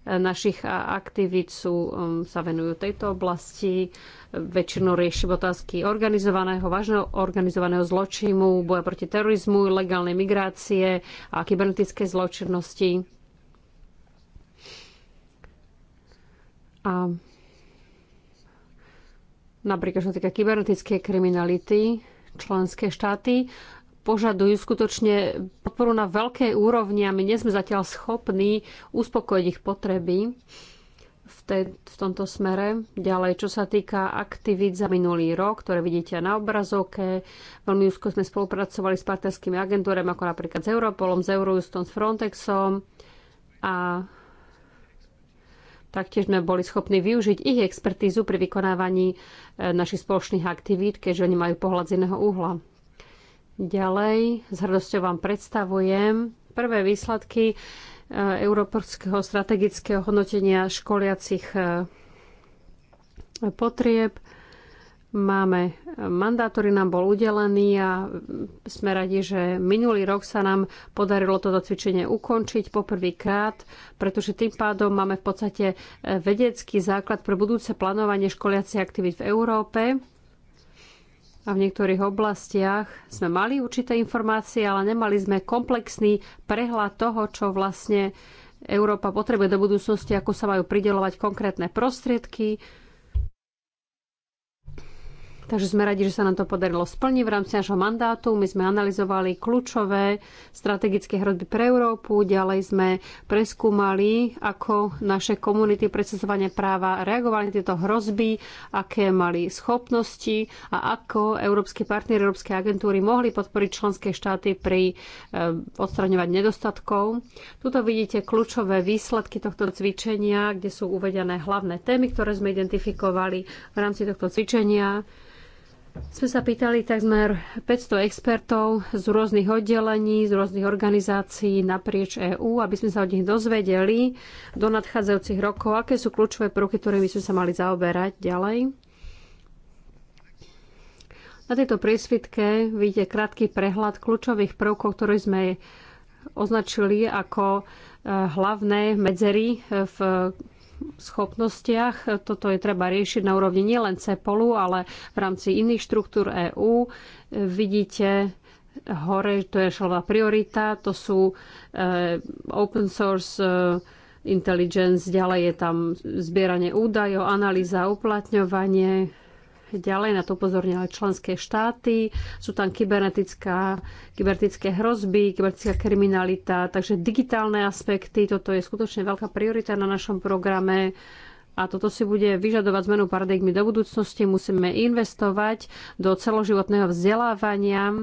našich aktivít sú, um, sa venujú tejto oblasti. Väčšinou riešim otázky organizovaného, vážneho organizovaného zločinu, boja proti terorizmu, legálnej migrácie a kybernetickej zločinnosti. A napríklad, čo sa týka kybernetickej kriminality, členské štáty požadujú skutočne podporu na veľkej úrovni a my nie sme zatiaľ schopní uspokojiť ich potreby v, te, v tomto smere. Ďalej, čo sa týka aktivít za minulý rok, ktoré vidíte na obrazovke, veľmi úzko sme spolupracovali s partnerskými agentúrami, ako napríklad s Europolom, s Eurojustom, s Frontexom a Taktiež sme boli schopní využiť ich expertízu pri vykonávaní e, našich spoločných aktivít, keďže oni majú pohľad z iného uhla. Ďalej s hrdosťou vám predstavujem prvé výsledky eh, Európskeho strategického hodnotenia školiacich eh, potrieb. Máme eh, mandát, ktorý nám bol udelený a hm, sme radi, že minulý rok sa nám podarilo toto cvičenie ukončiť poprvýkrát, pretože tým pádom máme v podstate vedecký základ pre budúce plánovanie školiacich aktivít v Európe a v niektorých oblastiach sme mali určité informácie, ale nemali sme komplexný prehľad toho, čo vlastne Európa potrebuje do budúcnosti, ako sa majú pridelovať konkrétne prostriedky, Takže sme radi, že sa nám to podarilo splniť v rámci nášho mandátu. My sme analyzovali kľúčové strategické hrozby pre Európu, ďalej sme preskúmali, ako naše komunity predsedovania práva reagovali na tieto hrozby, aké mali schopnosti a ako európsky partner, európske agentúry mohli podporiť členské štáty pri eh, odstraňovať nedostatkov. Tuto vidíte kľúčové výsledky tohto cvičenia, kde sú uvedené hlavné témy, ktoré sme identifikovali v rámci tohto cvičenia sme sa pýtali takmer 500 expertov z rôznych oddelení, z rôznych organizácií naprieč EÚ, aby sme sa od nich dozvedeli do nadchádzajúcich rokov, aké sú kľúčové prvky, ktorými sme sa mali zaoberať ďalej. Na tejto priesvitke vidíte krátky prehľad kľúčových prvkov, ktoré sme označili ako eh, hlavné medzery eh, v schopnostiach. Toto je treba riešiť na úrovni nielen CEPOLu, ale v rámci iných štruktúr EÚ. Vidíte hore, to je šlová priorita, to sú eh, open source eh, intelligence, ďalej je tam zbieranie údajov, analýza, uplatňovanie, Ďalej na to upozornili členské štáty, sú tam kybernetická, kybernetické hrozby, kybernetická kriminalita, takže digitálne aspekty, toto je skutočne veľká priorita na našom programe a toto si bude vyžadovať zmenu paradigmy do budúcnosti. Musíme investovať do celoživotného vzdelávania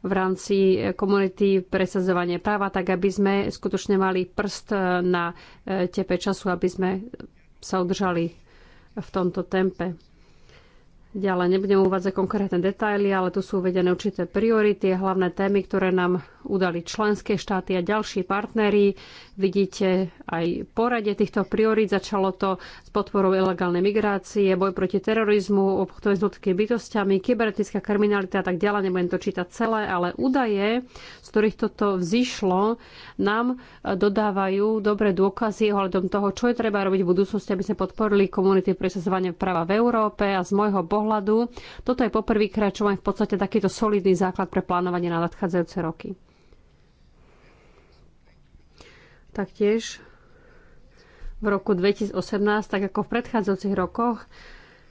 v rámci komunity presadzovanie práva, tak aby sme skutočne mali prst na tepe času, aby sme sa udržali v tomto tempe. Ďalej nebudem uvádzať konkrétne detaily, ale tu sú uvedené určité priority, hlavné témy, ktoré nám udali členské štáty a ďalší partnery. Vidíte aj poradie týchto priorít. Začalo to s podporou ilegálnej migrácie, boj proti terorizmu, obchodovanie s ľudskými bytostiami, kybernetická kriminalita a tak ďalej. Nebudem to čítať celé, ale údaje, z ktorých toto vzýšlo, nám dodávajú dobré dôkazy ohľadom toho, čo je treba robiť v budúcnosti, aby sme podporili komunity presazovania práva v Európe a z môjho boha pohľadu. Toto je poprvýkrát, čo máme v podstate takýto solidný základ pre plánovanie na nadchádzajúce roky. Taktiež v roku 2018, tak ako v predchádzajúcich rokoch,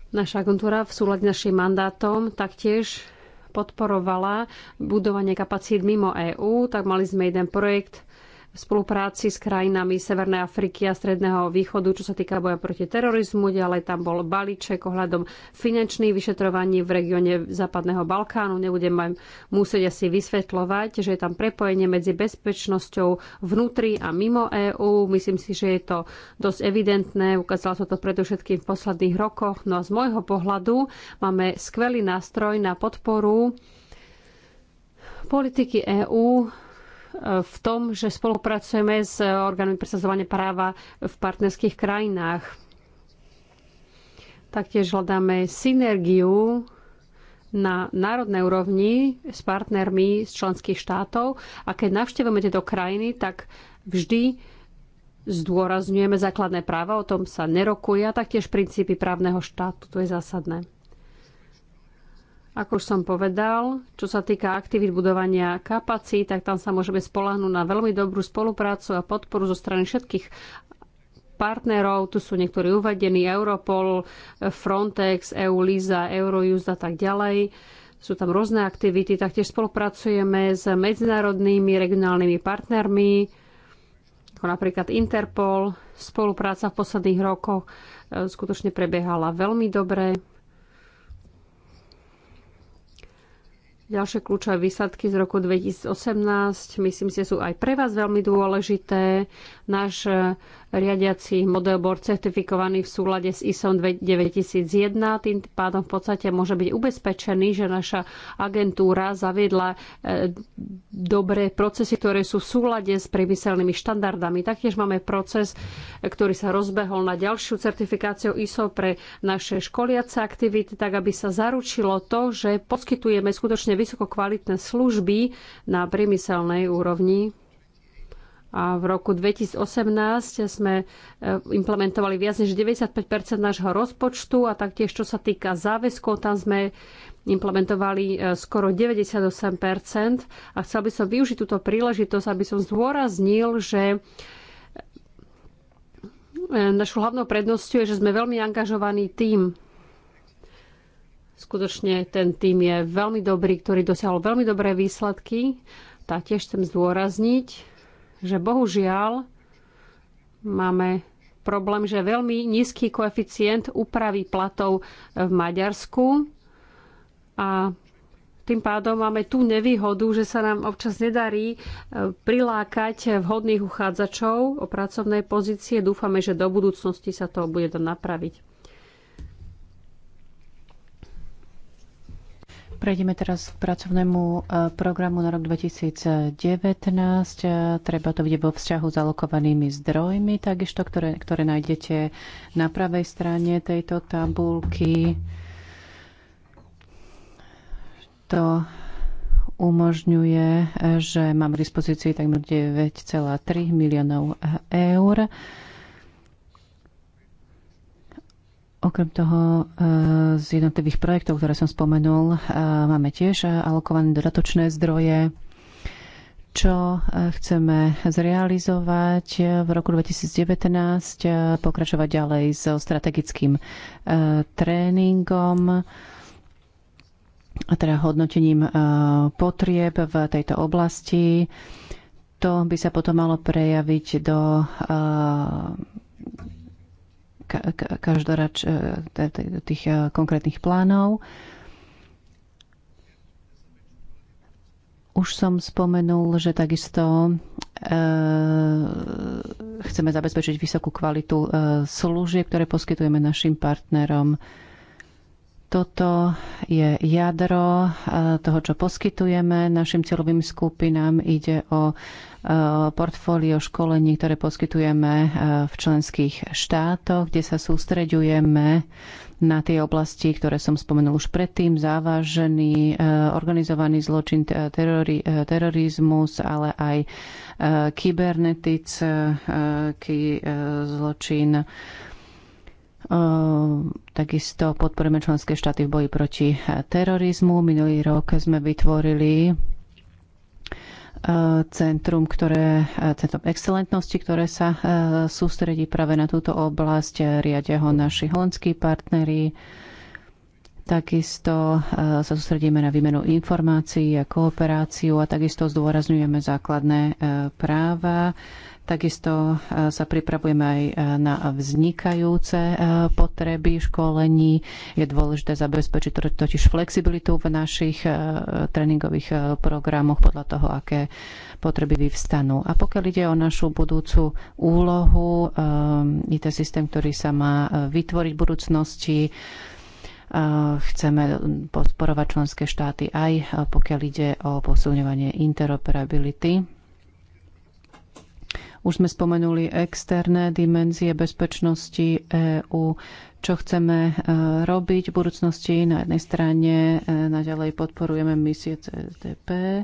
naša agentúra v súlade našim mandátom taktiež podporovala budovanie kapacít mimo EÚ, tak mali sme jeden projekt v spolupráci s krajinami Severnej Afriky a Stredného východu, čo sa týka boja proti terorizmu. Ďalej tam bol balíček ohľadom finančných vyšetrovaní v regióne Západného Balkánu. Nebudem aj musieť asi vysvetľovať, že je tam prepojenie medzi bezpečnosťou vnútri a mimo EÚ. Myslím si, že je to dosť evidentné. Ukázalo sa to predovšetkým v posledných rokoch. No a z môjho pohľadu máme skvelý nástroj na podporu politiky EÚ v tom, že spolupracujeme s orgánmi presadzovania práva v partnerských krajinách. Taktiež hľadáme synergiu na národnej úrovni s partnermi z členských štátov a keď navštevujeme tieto krajiny, tak vždy zdôrazňujeme základné práva, o tom sa nerokuje a taktiež princípy právneho štátu, to je zásadné. Ako už som povedal, čo sa týka aktivít budovania kapacít, tak tam sa môžeme spolahnúť na veľmi dobrú spoluprácu a podporu zo strany všetkých partnerov. Tu sú niektorí uvedení, Europol, Frontex, EULISA, Eurojust a tak ďalej. Sú tam rôzne aktivity, taktiež spolupracujeme s medzinárodnými regionálnymi partnermi, ako napríklad Interpol. Spolupráca v posledných rokoch e, skutočne prebiehala veľmi dobre Ďalšie kľúčové výsledky z roku 2018, myslím si, sú aj pre vás veľmi dôležité. Náš riadiaci model bol certifikovaný v súlade s ISO 9001. Tým pádom v podstate môže byť ubezpečený, že naša agentúra zaviedla e, dobré procesy, ktoré sú v súlade s priemyselnými štandardami. Taktiež máme proces, ktorý sa rozbehol na ďalšiu certifikáciu ISO pre naše školiace aktivity, tak aby sa zaručilo to, že poskytujeme skutočne vysokokvalitné služby na priemyselnej úrovni. A v roku 2018 sme e, implementovali viac než 95 nášho rozpočtu a taktiež, čo sa týka záväzkov, tam sme implementovali e, skoro 98 A chcel by som využiť túto príležitosť, aby som zdôraznil, že e, našou hlavnou prednosťou je, že sme veľmi angažovaný tým. Skutočne ten tým je veľmi dobrý, ktorý dosiahol veľmi dobré výsledky. Tá tiež chcem zdôrazniť že bohužiaľ máme problém, že veľmi nízky koeficient úpravy platov v Maďarsku a tým pádom máme tú nevýhodu, že sa nám občas nedarí e, prilákať vhodných uchádzačov o pracovnej pozície. Dúfame, že do budúcnosti sa to bude napraviť. Prejdeme teraz k pracovnému e, programu na rok 2019. E, treba to vidieť vo vzťahu s alokovanými zdrojmi, takisto, ktoré, ktoré nájdete na pravej strane tejto tabulky. To umožňuje, e, že mám k dispozícii takmer 9,3 miliónov eur Okrem toho, e, z jednotlivých projektov, ktoré som spomenul, e, máme tiež e, alokované dodatočné zdroje, čo chceme zrealizovať v roku 2019, pokračovať ďalej so strategickým tréningom a teda hodnotením potrieb v tejto oblasti. To by sa potom malo prejaviť do každorač e, tých e, konkrétnych plánov. Už som spomenul, že takisto e, chceme zabezpečiť vysokú kvalitu služieb, ktoré poskytujeme našim partnerom toto je jadro eh, toho, čo poskytujeme našim cieľovým skupinám. Ide o eh, portfólio školení, ktoré poskytujeme eh, v členských štátoch, kde sa sústreďujeme na tie oblasti, ktoré som spomenul už predtým, závažený, organizovaný zločin, terori, terorizmus, ale aj kybernetický zločin, Ehm, takisto podporujeme členské štáty v boji proti eh, terorizmu. Minulý rok sme vytvorili eh, centrum, ktoré, eh, centrum excelentnosti, ktoré sa sústredí práve na túto oblasť. Riadia ho naši holandskí partneri. Takisto sa sústredíme na výmenu informácií a kooperáciu a takisto zdôrazňujeme základné práva. Takisto e, sa pripravujeme aj e, na vznikajúce e, potreby školení. Je dôležité zabezpečiť totiž flexibilitu v našich tréningových programoch podľa toho, aké potreby vyvstanú. A pokiaľ ide o našu budúcu úlohu, je to systém, ktorý sa má vytvoriť v budúcnosti, chceme podporovať členské štáty aj pokiaľ ide o posilňovanie interoperability už sme spomenuli externé dimenzie bezpečnosti EÚ, čo chceme e, robiť v budúcnosti. Na jednej strane e, naďalej podporujeme misie CSDP, e,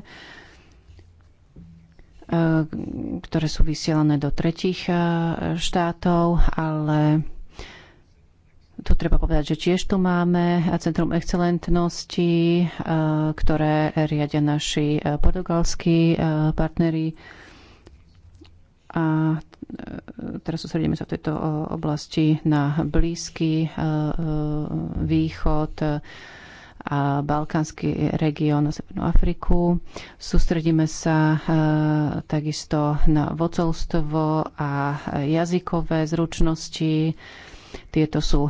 ktoré sú vysielané do tretich štátov, ale tu treba povedať, že tiež tu máme Centrum excelentnosti, ktoré riadia naši portugalskí partneri. A e, teraz sústredíme sa v tejto e, oblasti na Blízky e, východ a Balkánsky región a Severnú Afriku. Sústredíme sa takisto na vocolstvo a jazykové zručnosti. Tieto sú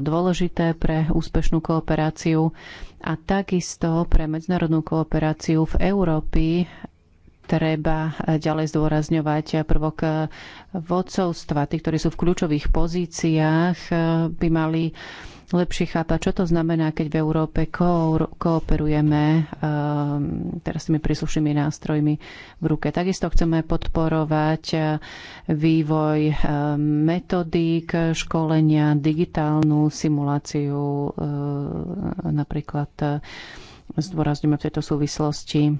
dôležité pre úspešnú kooperáciu a takisto pre medzinárodnú kooperáciu v Európy, treba ďalej zdôrazňovať prvok vodcovstva. Tí, ktorí sú v kľúčových pozíciách, by mali lepšie chápať, čo to znamená, keď v Európe ko- kooperujeme um, teraz s tými príslušnými nástrojmi v ruke. Takisto chceme podporovať eh, vývoj um, eh, metodík, školenia, digitálnu simuláciu um, napríklad zdôrazňujeme v tejto súvislosti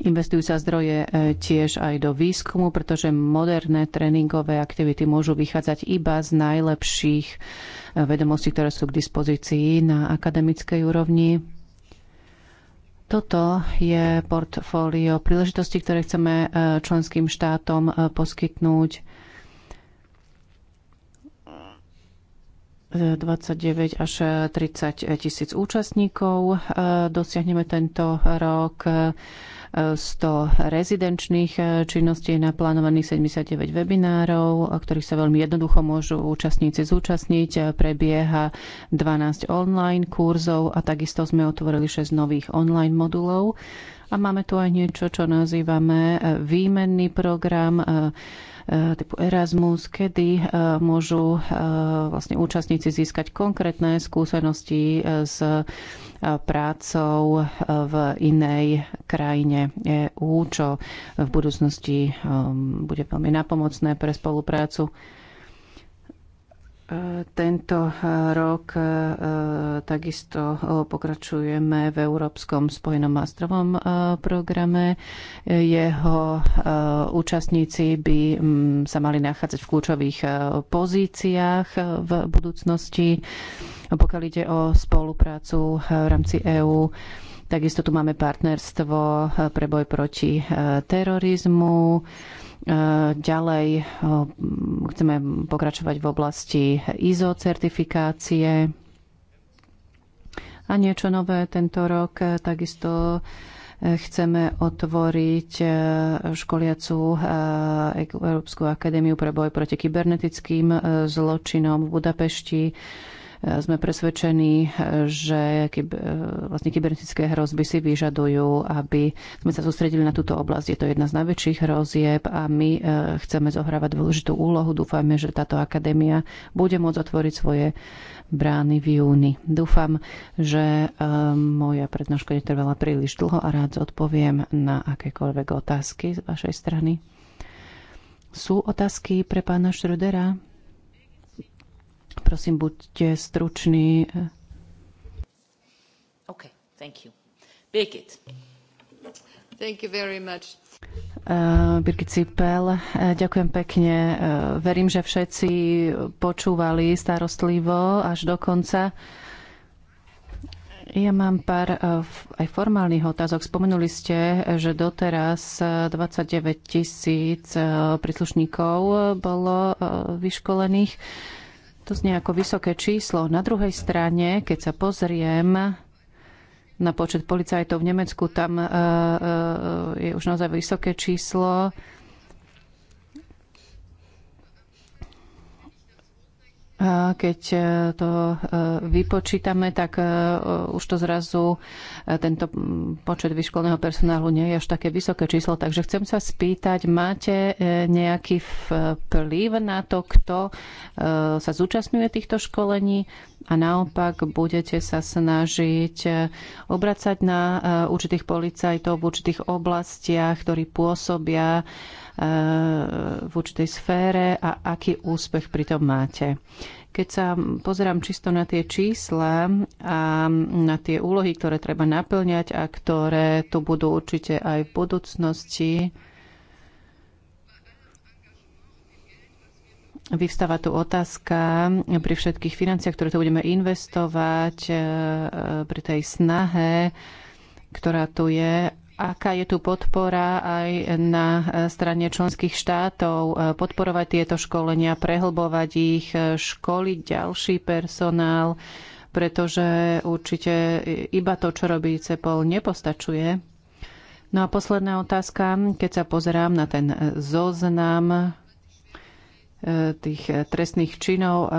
Investujú sa zdroje e, tiež aj do výskumu, pretože moderné tréningové aktivity môžu vychádzať iba z najlepších e, vedomostí, ktoré sú k dispozícii na akademickej úrovni. Toto je portfólio príležitostí, ktoré chceme e, členským štátom poskytnúť. 29 až 30 tisíc účastníkov dosiahneme tento rok 100 rezidenčných eh, činností, je naplánovaných 79 webinárov, eh, ktorých sa veľmi jednoducho môžu účastníci zúčastniť. Eh, prebieha 12 online kurzov a takisto sme otvorili 6 nových online modulov. A máme tu aj niečo, čo nazývame výmenný program typu Erasmus, kedy môžu vlastne účastníci získať konkrétne skúsenosti z prácou eh, v inej krajine EÚ, čo v budúcnosti eh, bude veľmi napomocné pre spoluprácu. Tento eh, rok eh, takisto eh, pokračujeme v Európskom spojenom mastrovom programe. Jeho účastníci by mm, sa mali nachádzať v kľúčových pozíciách v budúcnosti, pokiaľ ide o spoluprácu v rámci EÚ. Takisto tu máme partnerstvo pre boj proti terorizmu Ďalej eh, chceme pokračovať v oblasti ISO certifikácie a niečo nové tento rok. Eh, takisto eh, chceme otvoriť školiacu Európsku akadémiu pre boj proti kybernetickým zločinom v Budapešti sme presvedčení, že vlastne kybernetické hrozby si vyžadujú, aby sme sa sústredili na túto oblasť. Je to jedna z najväčších hrozieb a my e, chceme zohrávať dôležitú úlohu. Dúfame, že táto akadémia bude môcť otvoriť svoje brány v júni. Dúfam, že e, moja prednáška netrvala príliš dlho a rád zodpoviem na akékoľvek otázky z vašej strany. Sú otázky pre pána Šrudera? Prosím, buďte struční. OK, thank you. Birgit. Thank you very much. Eh, Birgit Cipel, eh, ďakujem pekne. Eh, verím, že všetci počúvali starostlivo až do konca. Ja mám pár aj formálnych otázok. Spomenuli ste, že doteraz 29 tisíc príslušníkov bolo vyškolených. To znie ako vysoké číslo. Na druhej strane, keď sa pozriem na počet policajtov v Nemecku, tam eh, eh, je už naozaj vysoké číslo. Keď e, to e, vypočítame, tak e, už to zrazu tento počet vyškolného personálu nie je až také vysoké číslo. Takže chcem sa spýtať, máte nejaký vplyv na to, kto sa zúčastňuje týchto školení? a naopak budete sa snažiť eh, obracať na eh, určitých policajtov v určitých oblastiach, ktorí pôsobia eh, v určitej sfére a aký úspech pri tom máte. Keď sa pozerám čisto na tie čísla a na tie úlohy, ktoré treba naplňať a ktoré tu budú určite aj v budúcnosti, Vyvstáva tu otázka pri všetkých financiách, ktoré tu budeme investovať, e, e, pri tej snahe, ktorá tu je, aká je tu podpora aj na strane členských štátov, e, podporovať tieto školenia, prehlbovať ich, školiť ďalší personál, pretože určite iba to, čo robí CEPOL, nepostačuje. No a posledná otázka, keď sa pozerám na ten zoznam tých eh, trestných činov, eh,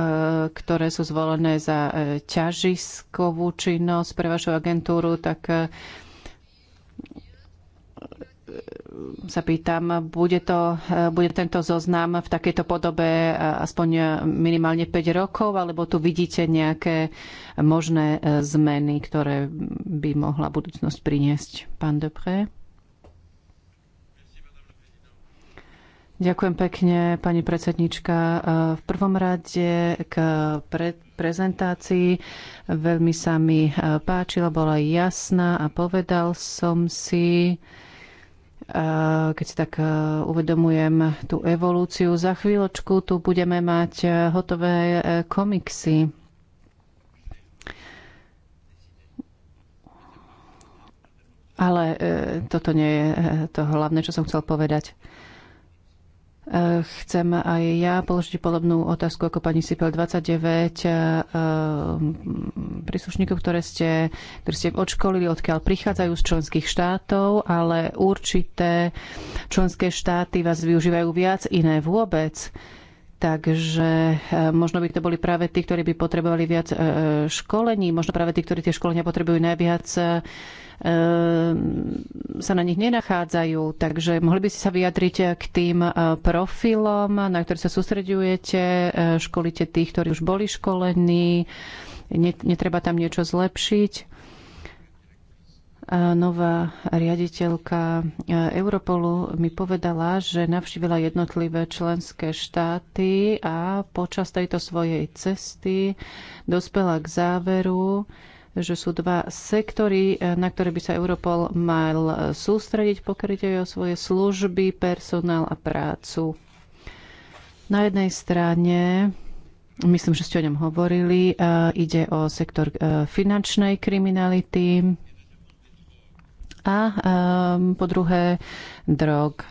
ktoré sú zvolené za eh, ťažiskovú činnosť pre vašu agentúru, tak sa pýtam, bude, to, bude tento zoznam v takejto podobe aspoň minimálne 5 rokov, alebo tu vidíte nejaké možné zmeny, ktoré by mohla budúcnosť priniesť? Pán Depré? Ďakujem pekne, pani predsednička. V prvom rade k pre- prezentácii veľmi sa mi e, páčila, bola jasná a povedal som si, e, keď si tak e, uvedomujem tú evolúciu, za chvíľočku tu budeme mať hotové komiksy. Ale toto nie je to hlavné, čo som chcel povedať. Eh, chcem aj ja položiť podobnú otázku ako pani Sipel 29 eh, mm, príslušníkov, ktoré ste, ktoré ste odškolili, odkiaľ prichádzajú z členských štátov, ale určité členské štáty vás využívajú viac, iné vôbec. Takže e, možno by to boli práve tí, ktorí by potrebovali viac e, školení, možno práve tí, ktorí tie školenia potrebujú najviac, e, sa na nich nenachádzajú. Takže mohli by ste sa vyjadriť k tým profilom, na ktorých sa sústredujete, školíte tých, ktorí už boli školení, netreba tam niečo zlepšiť nová riaditeľka e, Europolu mi povedala, že navštívila jednotlivé členské štáty a počas tejto svojej cesty dospela k záveru, že sú dva sektory, e, na ktoré by sa Europol mal sústrediť, pokiaľ o svoje služby, personál a prácu. Na jednej strane Myslím, že ste o ňom hovorili. E, ide o sektor finančnej kriminality, a um, po druhé drog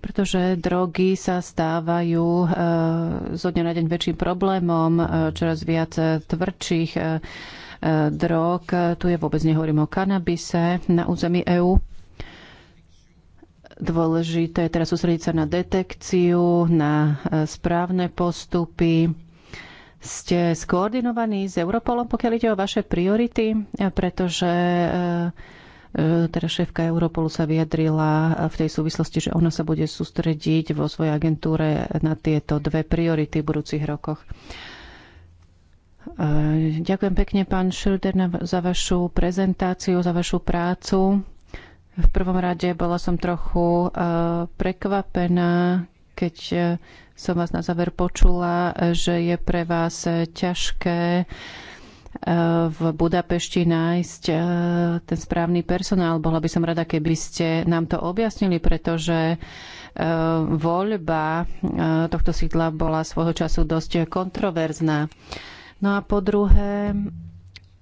pretože drogy sa stávajú ehm, zo dňa na deň väčším problémom, ehm, čoraz viac e, tvrdších e, e, drog. Tu je vôbec nehovorím o kanabise na území EÚ. Dôležité je teraz sústrediť sa na detekciu, na správne postupy. Ste skoordinovaní s Europolom, pokiaľ ide o vaše priority, pretože E, teda šéfka Europolu sa vyjadrila v tej súvislosti, že ona sa bude sústrediť vo svojej agentúre na tieto dve priority v budúcich rokoch. E, Ďakujem pekne, pán Schröder, za vašu prezentáciu, za vašu prácu. V prvom rade bola som trochu e, prekvapená, keď som vás na záver počula, že je pre vás ťažké v Budapešti nájsť e, ten správny personál. Bola by som rada, keby ste nám to objasnili, pretože e, voľba e, tohto sídla bola svojho času dosť kontroverzná. No a po druhé,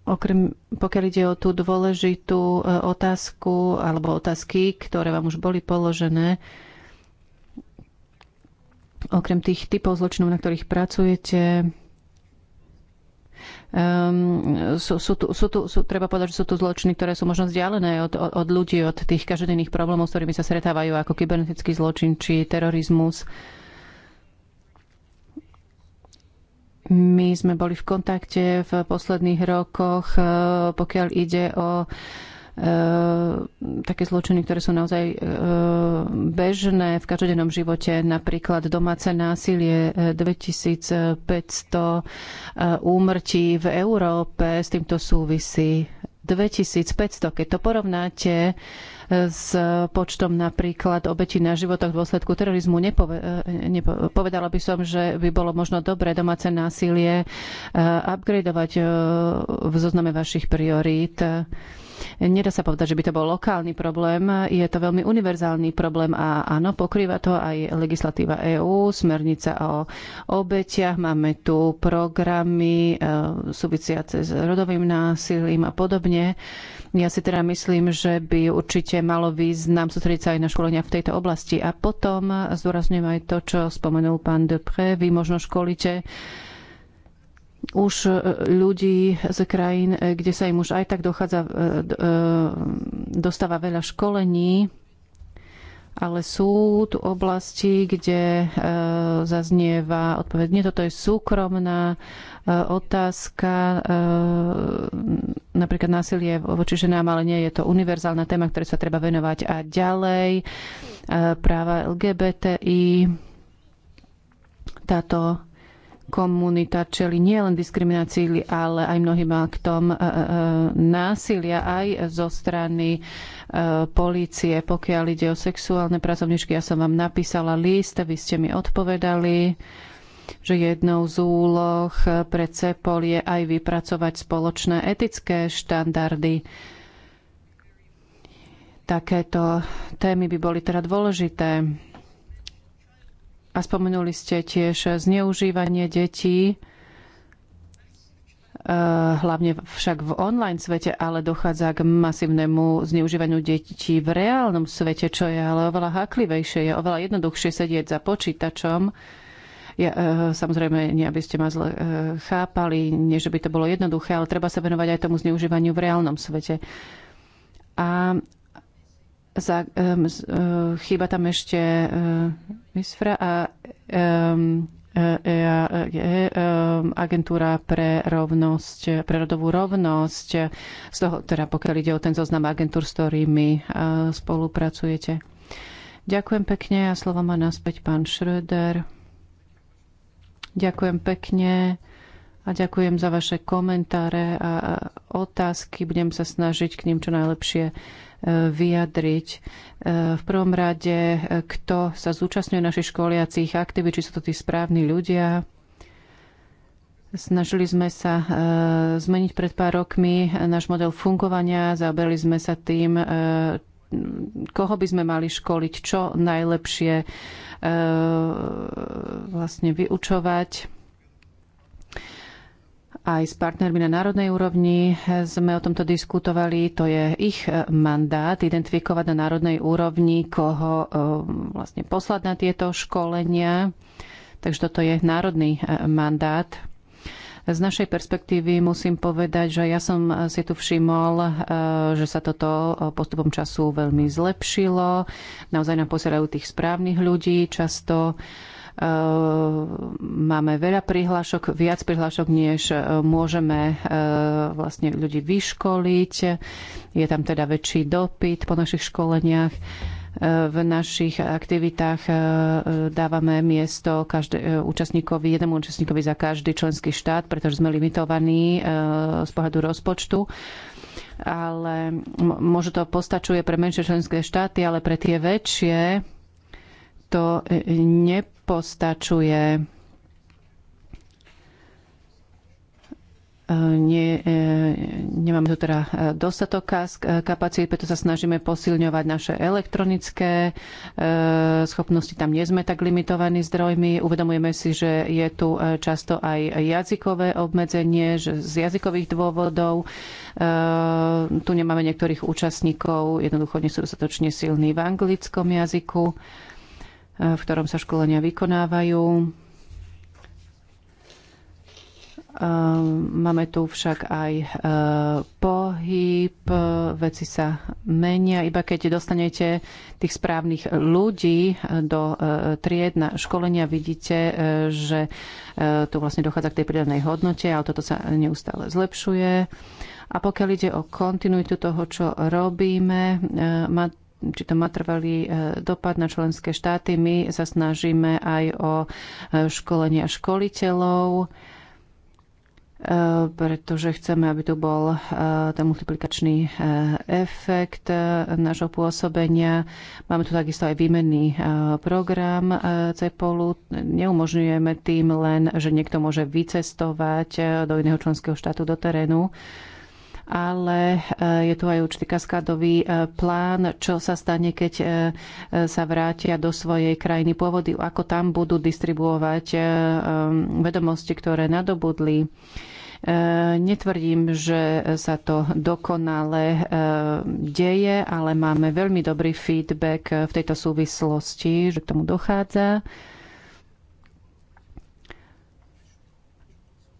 okrem, pokiaľ ide o tú dôležitú otázku alebo otázky, ktoré vám už boli položené, okrem tých typov zločinov, na ktorých pracujete, um, sú, sú, tu, sú, tu, sú, treba povedať, že sú tu zločiny, ktoré sú možno vzdialené od, od, od ľudí, od tých každodenných problémov, s ktorými sa stretávajú, ako kybernetický zločin či terorizmus. My sme boli v kontakte v posledných rokoch, eh, pokiaľ ide o Ehm, také zločiny, ktoré sú naozaj ehm, bežné v každodennom živote, napríklad domáce násilie 2500 ehm, úmrtí v Európe, s týmto súvisí 2500. Keď to porovnáte s počtom napríklad obetí na životoch v dôsledku terorizmu, nepove, nepo, povedala by som, že by bolo možno dobré domáce násilie upgradovať v zozname vašich priorít. Nedá sa povedať, že by to bol lokálny problém. Je to veľmi univerzálny problém a áno, pokrýva to aj legislatíva EÚ, smernica o obetiach, máme tu programy e, súvisiace s rodovým násilím a podobne. Ja si teda myslím, že by určite malo význam sústrediť sa aj na školenia v tejto oblasti. A potom zdôrazňujem aj to, čo spomenul pán Dupré. Vy možno školíte už e, ľudí z krajín, e, kde sa im už aj tak dochádza, e, dostáva veľa školení, ale sú tu oblasti, kde zaznieva odpoveď, nie, toto je súkromná otázka, napríklad násilie voči ženám, ale nie je to univerzálna téma, ktoré sa treba venovať. A ďalej práva LGBTI, táto komunita čeli nielen diskriminácii, ale aj mnohým aktom e, e, násilia aj zo strany e, polície. Pokiaľ ide o sexuálne pracovničky, ja som vám napísala list, vy ste mi odpovedali že jednou z úloh pre CEPOL je aj vypracovať spoločné etické štandardy takéto témy by boli teda dôležité. A spomenuli ste tiež zneužívanie detí, eh, hlavne však v online svete, ale dochádza k masívnemu zneužívaniu detí v reálnom svete, čo je ale oveľa haklivejšie, je oveľa jednoduchšie sedieť za počítačom. Ja, eh, samozrejme, nie aby ste ma zle eh, chápali, nie že by to bolo jednoduché, ale treba sa venovať aj tomu zneužívaniu v reálnom svete. A za, um, e, chýba tam ešte uh, Misfra a um, agentúra pre rovnosť, pre rodovú rovnosť, z toho, teda pokiaľ ide o ten zoznam agentúr, s ktorými spolupracujete. Ďakujem pekne a slovo má naspäť pán Schröder. Ďakujem pekne a ďakujem za vaše komentáre a otázky. Budem sa snažiť k ním čo najlepšie vyjadriť. E, v prvom rade, e, kto sa zúčastňuje našich školiacich aktivít, či sú to tí správni ľudia. Snažili sme sa e, zmeniť pred pár rokmi náš model fungovania, zaoberali sme sa tým, koho by sme mali školiť, čo najlepšie vlastne vyučovať aj s partnermi na národnej úrovni sme o tomto diskutovali. To je ich e, mandát identifikovať na národnej úrovni, koho e, vlastne poslať na tieto školenia. Takže toto je národný e, mandát. Z našej perspektívy musím povedať, že ja som si tu všimol, že sa toto postupom času veľmi zlepšilo. Naozaj nám posielajú tých správnych ľudí. Často Ehm, máme veľa prihlášok, viac prihlášok, než e, môžeme e, vlastne ľudí vyškoliť. Je tam teda väčší dopyt po našich školeniach e, v našich aktivitách dávame miesto každé, účastníkovi, jednému účastníkovi za každý členský štát, pretože sme limitovaní z pohľadu rozpočtu ale možno to postačuje pre menšie členské štáty, ale pre tie väčšie to e, e, nepostačuje. E, nie, nemáme tu teda dostatok kapacít, preto sa snažíme posilňovať naše elektronické schopnosti. Tam nie sme tak limitovaní zdrojmi. Uvedomujeme si, že je tu často aj jazykové obmedzenie, že z jazykových dôvodov tu nemáme niektorých účastníkov, jednoducho nie sú dostatočne silní v anglickom jazyku. Eh, v ktorom sa školenia vykonávajú. Eh, máme tu však aj eh, pohyb, veci sa menia. Iba keď dostanete tých správnych ľudí do tried na školenia, vidíte, že tu vlastne dochádza k tej pridanej hodnote, ale toto sa neustále zlepšuje. A pokiaľ ide o kontinuitu toho, čo robíme, či to má trvalý e, dopad na členské štáty. My sa snažíme aj o e, školenia školiteľov, e, pretože chceme, aby tu bol ten multiplikačný efekt nášho pôsobenia. Máme tu takisto aj výmenný program CEPOLu. Neumožňujeme tým len, že niekto môže vycestovať do iného členského štátu do terénu, ale eh, je tu aj určitý kaskádový eh, plán, čo sa stane, keď eh, sa vrátia do svojej krajiny pôvody, ako tam budú distribuovať vedomosti, ktoré nadobudli. Netvrdím, že sa to dokonale deje, ale máme veľmi dobrý feedback v tejto súvislosti, že k tomu dochádza.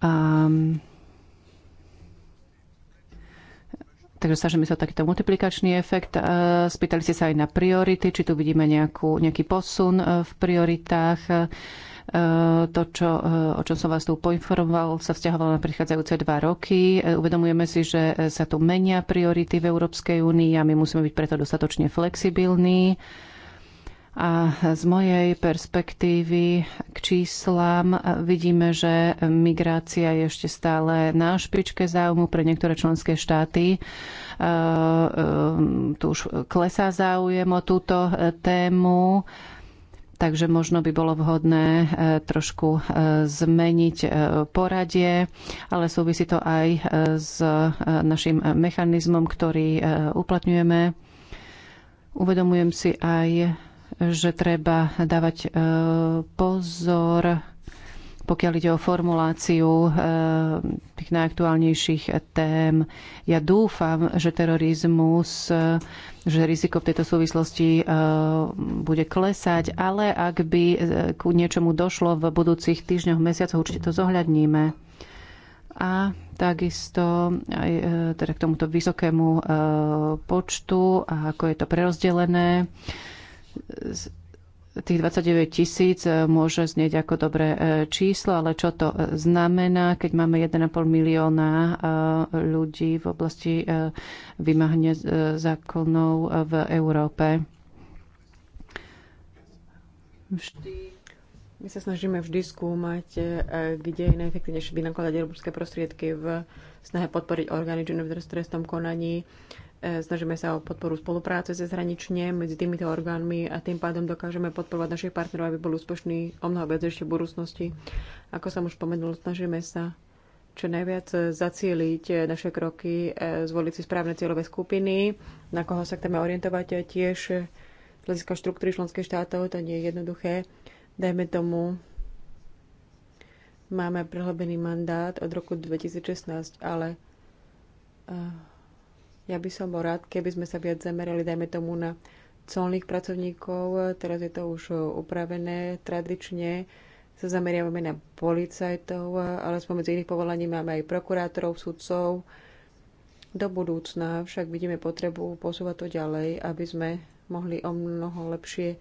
Um, Takže snažíme sa o takýto multiplikačný efekt. E, spýtali ste sa aj na priority, či tu vidíme nejakú, nejaký posun e, v prioritách. E, to, čo, o čom som vás tu poinformoval, sa vzťahovalo na prichádzajúce dva roky. Uvedomujeme si, že sa tu menia priority v Európskej únii a my musíme byť preto dostatočne flexibilní a z mojej perspektívy k číslám vidíme, že migrácia je ešte stále na špičke záujmu pre niektoré členské štáty. E, e, tu už klesá záujem o túto tému. Takže možno by bolo vhodné e, trošku zmeniť poradie, ale súvisí to aj s našim mechanizmom, ktorý uplatňujeme. Uvedomujem si aj že treba dávať e, pozor, pokiaľ ide o formuláciu e, tých najaktuálnejších tém. Ja dúfam, že terorizmus, e, že riziko v tejto súvislosti bude klesať, ale ak by ku niečomu došlo v budúcich týždňoch, mesiacoch, určite to zohľadníme. A takisto aj teda k tomuto vysokému počtu a ako je to prerozdelené tých 29 tisíc e, môže znieť ako dobré e, číslo, ale čo to e, znamená, keď máme 1,5 milióna ľudí v oblasti vymáhania zákonov v Európe? Vždy. My sa snažíme vždy skúmať, kde je najefektívnejšie vynakladať európske prostriedky v snahe podporiť orgány činné v trestnom konaní. E, snažíme sa o podporu spolupráce zhranične medzi týmito orgánmi a tým pádom dokážeme podporovať našich partnerov, aby boli úspešní o mnoho viac ešte v budúcnosti. Ako som už spomenul, snažíme sa čo najviac zacieliť naše kroky, e, zvoliť si správne cieľové skupiny, na koho sa chceme orientovať a tiež z hľadiska štruktúry členských štátov, to nie je jednoduché. Dajme tomu, máme prehlbený mandát od roku 2016, ale e, ja by som bol rád, keby sme sa viac zamerali, dajme tomu, na colných pracovníkov. Teraz je to už upravené tradične. Sa zameriavame na policajtov, ale spomedzi iných povolaní máme aj prokurátorov, sudcov. Do budúcna však vidíme potrebu posúvať to ďalej, aby sme mohli o mnoho lepšie eh,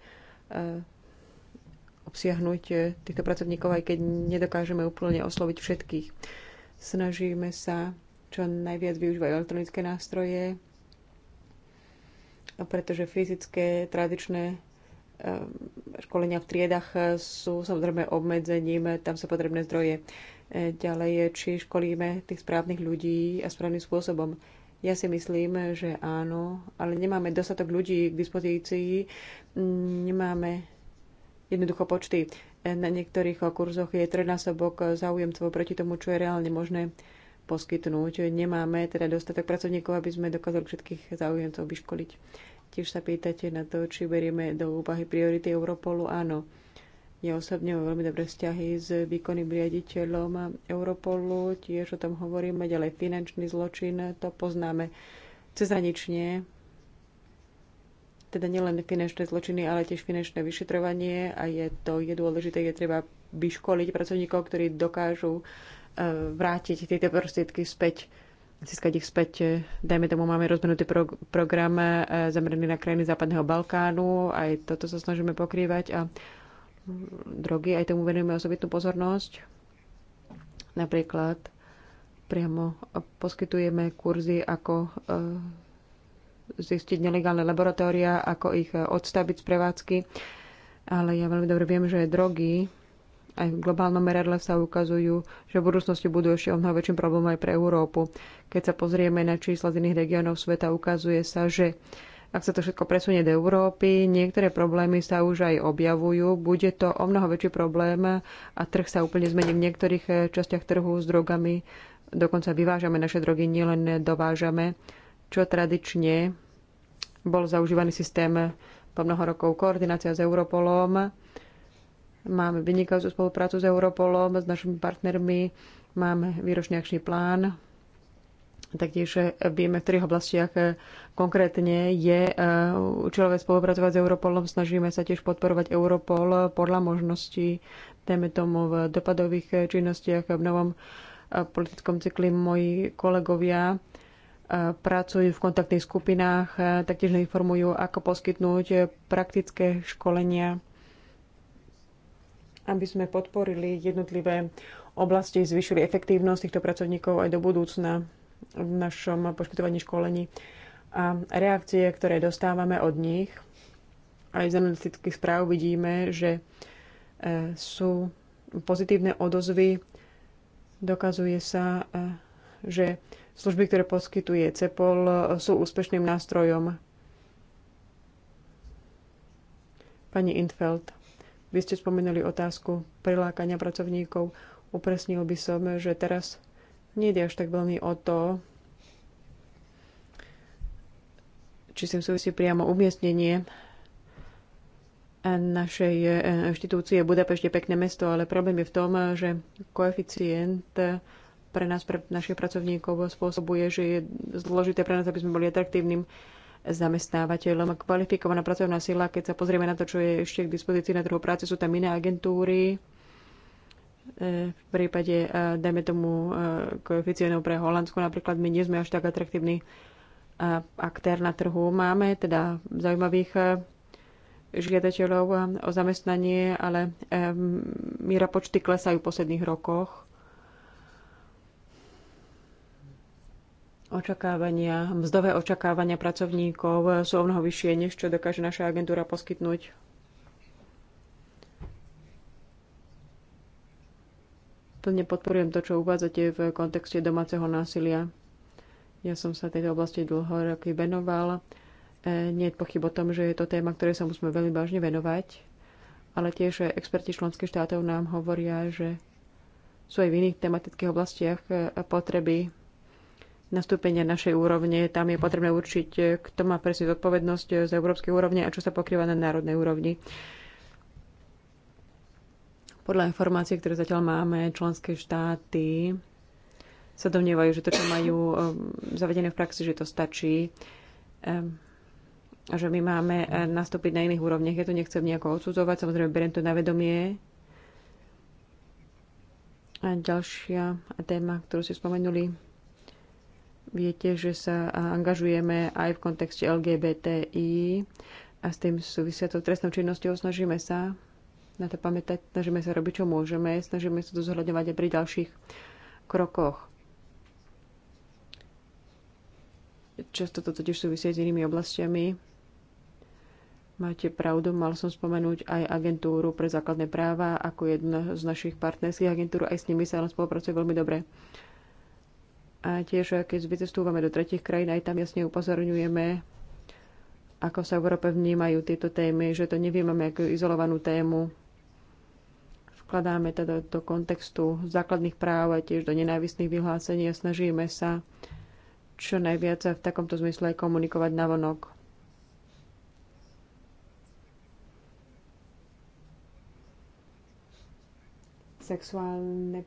obsiahnuť týchto pracovníkov, aj keď nedokážeme úplne osloviť všetkých. Snažíme sa čo najviac využívajú elektronické nástroje, pretože fyzické, tradičné eh, školenia v triedach sú samozrejme obmedzením, tam sú potrebné zdroje. Eh, ďalej, či školíme tých správnych ľudí a správnym spôsobom. Ja si myslím, že áno, ale nemáme dostatok ľudí k dispozícii, nemáme jednoducho počty. Eh, na niektorých kurzoch je trojnásobok záujemcov proti tomu, čo je reálne možné poskytnúť. Nemáme teda dostatok pracovníkov, aby sme dokázali všetkých záujemcov vyškoliť. Tiež sa pýtate na to, či berieme do úvahy priority Europolu. Áno, ja osobne mám veľmi dobré vzťahy s výkonným riaditeľom Europolu, tiež o tom hovoríme, ďalej finančný zločin, to poznáme cezanične, teda nielen finančné zločiny, ale tiež finančné vyšetrovanie a je to je dôležité, je treba vyškoliť pracovníkov, ktorí dokážu E, vrátiť tieto prostriedky späť, získať ich späť. Dajme tomu, máme rozvinutý pro- program e, zameraný na krajiny Západného Balkánu, aj toto sa snažíme pokrývať a drogy, aj tomu venujeme osobitnú pozornosť. Napríklad priamo poskytujeme kurzy, ako e, zistiť nelegálne laboratória, ako ich odstaviť z prevádzky. Ale ja veľmi dobre viem, že drogy aj v globálnom meradle sa ukazujú, že v budúcnosti budú ešte o mnoho väčším problémom aj pre Európu. Keď sa pozrieme na čísla z iných regiónov sveta, ukazuje sa, že ak sa to všetko presunie do Európy, niektoré problémy sa už aj objavujú. Bude to o mnoho väčší problém a trh sa úplne zmení v niektorých eh, častiach trhu s drogami. Dokonca vyvážame naše drogy, nielen dovážame, čo tradične bol zaužívaný systém po mnoho rokov koordinácia s Europolom Máme vynikajúcu spoluprácu s Europolom, s našimi partnermi, máme výročný akčný plán. Taktiež eh, vieme, v ktorých oblastiach eh, konkrétne je eh, účelové spolupracovať s Europolom. Snažíme sa tiež podporovať Europol podľa možností, dajme tomu v dopadových činnostiach, v novom politickom cykli moji kolegovia pracujú v kontaktných skupinách, taktiež informujú, ako poskytnúť praktické školenia aby sme podporili jednotlivé oblasti, zvyšili efektívnosť týchto pracovníkov aj do budúcna v našom poskytovaní školení. A reakcie, ktoré dostávame od nich, aj z analytických správ vidíme, že e, sú pozitívne odozvy. Dokazuje sa, e, že služby, ktoré poskytuje CEPOL, sú úspešným nástrojom. Pani Intfeld. Vy ste spomenuli otázku prilákania pracovníkov. Upresnil by som, že teraz je až tak veľmi o to, či sem súvisí priamo umiestnenie našej e, inštitúcie Budapešť je pekné mesto, ale problém je v tom, že koeficient pre nás, pre našich pracovníkov spôsobuje, že je zložité pre nás, aby sme boli atraktívnym zamestnávateľom. Kvalifikovaná pracovná sila, keď sa pozrieme na to, čo je ešte k dispozícii na trhu práce, sú tam iné agentúry. E, v prípade, e, dajme tomu, e, koeficientov pre Holandsko, napríklad, my nie sme až tak atraktívny aktér na trhu. Máme teda zaujímavých žiadateľov o zamestnanie, ale míra počty klesajú v posledných rokoch. očakávania, mzdové očakávania pracovníkov sú o mnoho vyššie, než čo dokáže naša agentúra poskytnúť. Plne podporujem to, čo uvádzate v kontexte domáceho násilia. Ja som sa tejto oblasti dlho roky venoval. E, nie je pochyb o tom, že je to téma, ktoré sa musíme veľmi vážne venovať, ale tiež experti členských štátov nám hovoria, že sú aj v iných tematických oblastiach e, potreby nastúpenia našej úrovne. Tam je potrebné určiť, e, kto má presne zodpovednosť e, z európskej úrovne a čo sa pokrýva na národnej úrovni. Podľa informácií, ktoré zatiaľ máme, členské štáty sa domnievajú, že to, čo majú e, zavedené v praxi, že to stačí a že my máme nastúpiť na iných úrovniach. Ja to nechcem nejako odsudzovať, samozrejme beriem to na vedomie. A ďalšia téma, ktorú si spomenuli, Viete, že sa angažujeme aj v kontexte LGBTI a s tým súvisiacou trestnou činnosťou snažíme sa na to pamätať, snažíme sa robiť, čo môžeme, snažíme sa to zohľadňovať aj pri ďalších krokoch. Často to totiž súvisí s inými oblastiami. Máte pravdu, mal som spomenúť aj agentúru pre základné práva ako jednu z našich partnerských agentúr, aj s nimi sa nám spolupracuje veľmi dobre. A tiež, keď vycestúvame do tretich krajín, aj tam jasne upozorňujeme, ako sa v Európe vnímajú tieto témy, že to nevnímame ako izolovanú tému. Vkladáme teda do kontextu základných práv a tiež do nenávistných vyhlásení a snažíme sa čo najviac v takomto zmysle komunikovať vonok. Sexuálne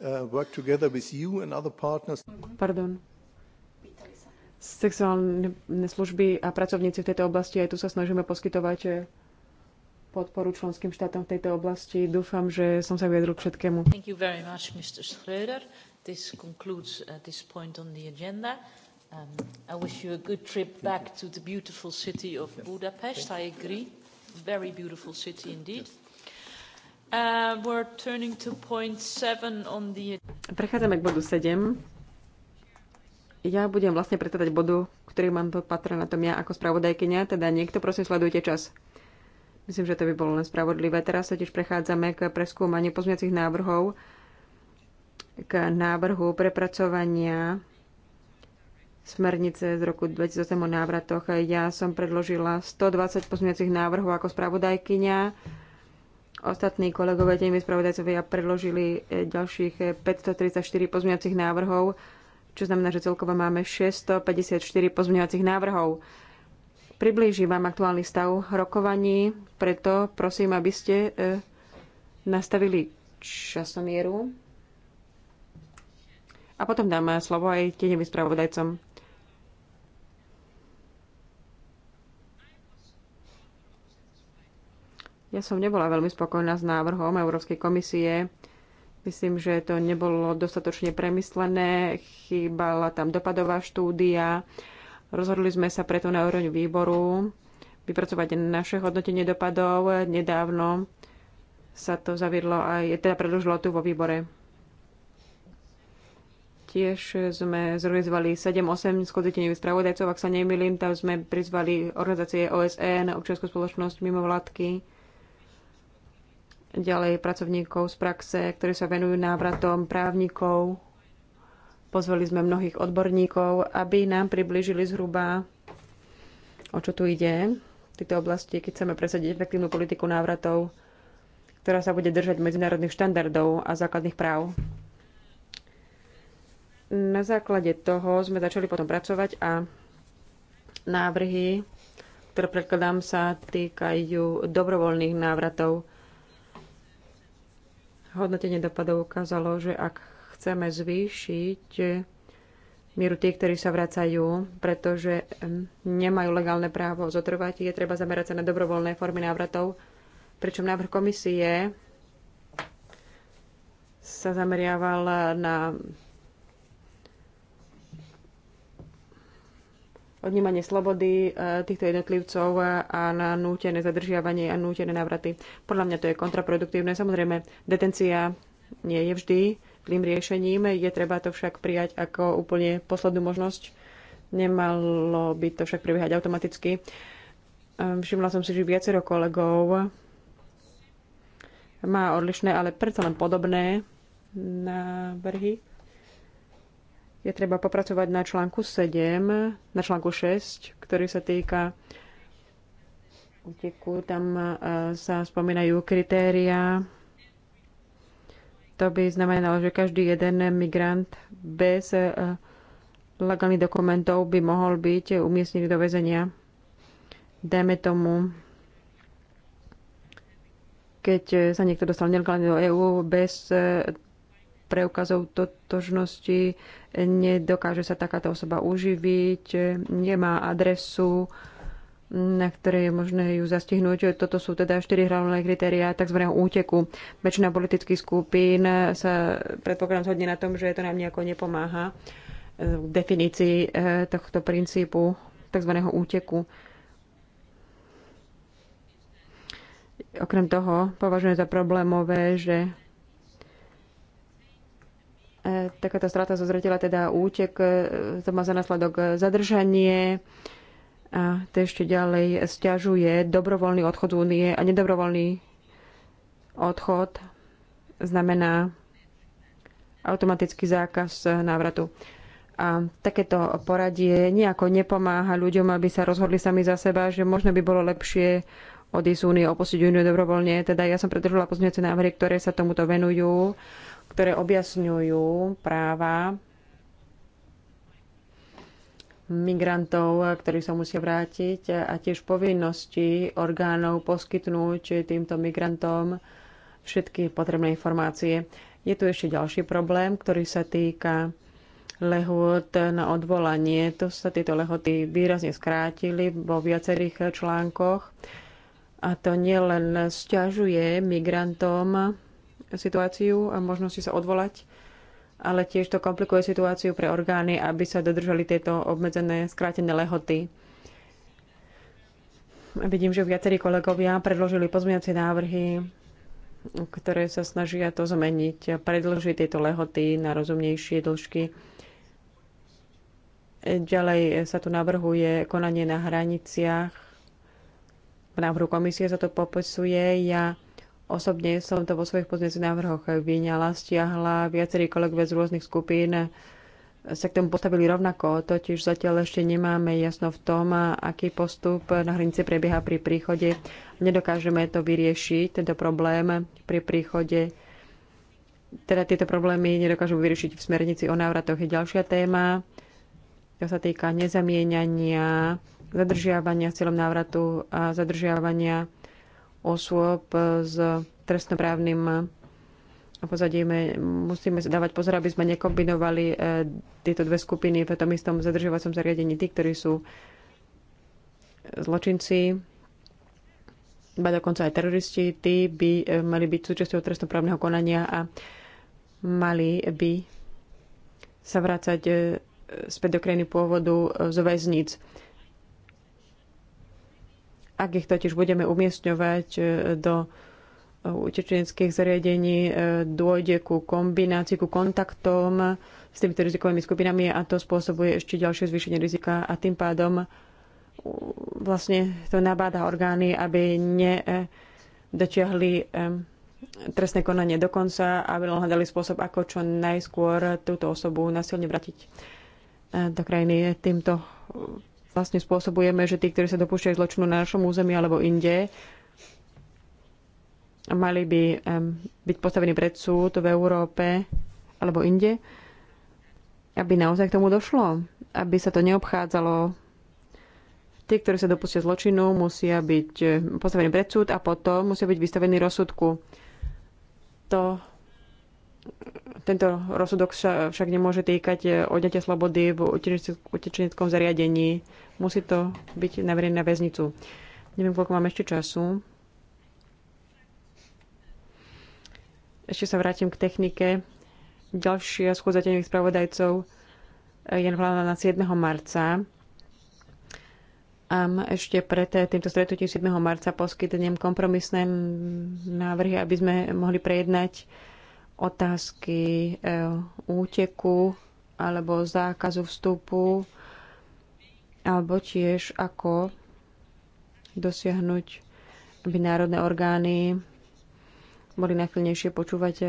uh, work together with you and other partners. Pardon. Sexuálne služby a pracovníci v tejto oblasti, aj tu sa snažíme poskytovať eh, podporu členským štátom v tejto oblasti. Dúfam, že som sa vyjadril k všetkému. Thank you very much, Mr. Schröder. This concludes uh, this point on the agenda. Um, I wish you a good trip back to the beautiful city of Budapest. I agree. Very beautiful city indeed. Yes. Uh, we're turning to point seven on the... Prechádzame k bodu 7. Ja budem vlastne pretadať bodu, ktorý mám patrá na tom ja ako spravodajkynia, teda niekto prosím sledujte čas. Myslím, že to by bolo len spravodlivé. Teraz sa tiež prechádzame k preskúmaniu pozmiacich návrhov k návrhu prepracovania smernice z roku 2008 o návratoch. Ja som predložila 120 pozmiacich návrhov ako spravodajkynia Ostatní kolegovia tými spravodajcovia predložili e, ďalších 534 e, pozmeňovacích návrhov, čo znamená, že celkovo máme 654 pozmeňovacích návrhov. Priblížim vám aktuálny stav rokovaní, preto prosím, aby ste e, nastavili časomieru. A potom dám slovo aj tenevým spravodajcom. Ja som nebola veľmi spokojná s návrhom Európskej komisie. Myslím, že to nebolo dostatočne premyslené, chýbala tam dopadová štúdia. Rozhodli sme sa preto na úroveň výboru vypracovať naše hodnotenie dopadov. Nedávno sa to zaviedlo aj, teda predlžilo tu vo výbore. Tiež sme zorganizovali 7-8 schodzeteňových spravodajcov, ak sa nemýlim, tam sme prizvali organizácie OSN, občianskú spoločnosť, mimovládky ďalej pracovníkov z praxe, ktorí sa venujú návratom, právnikov. Pozvali sme mnohých odborníkov, aby nám približili zhruba, o čo tu ide v tejto oblasti, keď chceme presadiť efektívnu politiku návratov, ktorá sa bude držať medzinárodných štandardov a základných práv. Na základe toho sme začali potom pracovať a návrhy, ktoré predkladám, sa týkajú dobrovoľných návratov hodnotenie dopadov ukázalo, že ak chceme zvýšiť mieru tých, ktorí sa vracajú, pretože nemajú legálne právo zotrvať, je treba zamerať sa na dobrovoľné formy návratov, pričom návrh komisie sa zameriaval na odnímanie slobody e, týchto jednotlivcov a na nútené zadržiavanie a nútené návraty. Podľa mňa to je kontraproduktívne. Samozrejme, detencia nie je vždy tým riešením. Je treba to však prijať ako úplne poslednú možnosť. Nemalo by to však prebiehať automaticky. Ehm, všimla som si, že viacero kolegov má odlišné, ale predsa len podobné návrhy je treba popracovať na článku 7, na článku 6, ktorý sa týka uteku. Tam e, sa spomínajú kritéria. To by znamenalo, že každý jeden migrant bez e, legálnych dokumentov by mohol byť umiestnený do väzenia. Dajme tomu, keď sa niekto dostal nelegálne do EÚ bez e, preukazov totožnosti, nedokáže sa takáto osoba uživiť, nemá adresu, na ktorej je možné ju zastihnúť. Toto sú teda štyri hlavné kritériá tzv. úteku. Väčšina politických skupín sa predpokladám zhodne na tom, že to nám nejako nepomáha v definícii eh, tohto princípu tzv. úteku. Okrem toho považujem za problémové, že E, takáto strata zo zretela, teda útek, e, to má za následok zadržanie a to ešte ďalej stiažuje dobrovoľný odchod z únie a nedobrovoľný odchod znamená automatický zákaz návratu. A takéto poradie nejako nepomáha ľuďom, aby sa rozhodli sami za seba, že možno by bolo lepšie odísť z únie, opustiť úniu dobrovoľne. Teda ja som predržala pozmeňujúce návrhy, ktoré sa tomuto venujú ktoré objasňujú práva migrantov, ktorí sa musia vrátiť a tiež povinnosti orgánov poskytnúť týmto migrantom všetky potrebné informácie. Je tu ešte ďalší problém, ktorý sa týka lehôd na odvolanie. To sa tieto lehoty výrazne skrátili vo viacerých článkoch a to nielen sťažuje migrantom situáciu a možnosti sa odvolať, ale tiež to komplikuje situáciu pre orgány, aby sa dodržali tieto obmedzené, skrátené lehoty. Vidím, že viacerí kolegovia predložili pozmeňacie návrhy, ktoré sa snažia to zmeniť, predlžiť tieto lehoty na rozumnejšie dĺžky. Ďalej sa tu navrhuje konanie na hraniciach. V návrhu komisie sa to popisuje. Ja Osobne som to vo svojich pozmeňujúcich návrhoch vyňala, stiahla. Viacerí kolegovia z rôznych skupín sa k tomu postavili rovnako, totiž zatiaľ ešte nemáme jasno v tom, aký postup na hranici prebieha pri príchode. Nedokážeme to vyriešiť, tento problém pri príchode. Teda tieto problémy nedokážeme vyriešiť v smernici o návratoch. Je ďalšia téma, to sa týka nezamieňania, zadržiavania s cieľom návratu a zadržiavania osôb s trestnoprávnym pozadím. musíme dávať pozor, aby sme nekombinovali eh, tieto dve skupiny v tom istom zadržovacom zariadení. Tí, ktorí sú zločinci, ba dokonca aj teroristi, tí by eh, mali byť súčasťou trestnoprávneho konania a mali by sa vrácať eh, späť do krajiny pôvodu zo väzníc. Ak ich totiž budeme umiestňovať e, do e, utečeneckých zariadení, e, dôjde ku kombinácii, ku kontaktom s týmito rizikovými skupinami a to spôsobuje ešte ďalšie zvýšenie rizika a tým pádom vlastne to nabáda orgány, aby ne trestné konanie dokonca, konca, aby hľadali spôsob, ako čo najskôr túto osobu nasilne vratiť do krajiny. Týmto vlastne spôsobujeme, že tí, ktorí sa dopúšťajú zločinu na našom území alebo inde, mali by byť postavení pred súd v Európe alebo inde, aby naozaj k tomu došlo, aby sa to neobchádzalo. Tí, ktorí sa dopustia zločinu, musia byť postavení pred súd a potom musia byť vystavení rozsudku. To tento rozsudok však nemôže týkať eh, odňatia slobody v utečeneckom zariadení. Musí to byť naverené na väznicu. Neviem, koľko mám ešte času. Ešte sa vrátim k technike. Ďalšia schôdza tenových spravodajcov eh, je na 7. marca. A ešte pred eh, týmto stretnutím 7. marca poskytnem kompromisné návrhy, aby sme mohli prejednať otázky e, úteku alebo zákazu vstupu, alebo tiež ako dosiahnuť, aby národné orgány boli najchylnejšie počúvať e,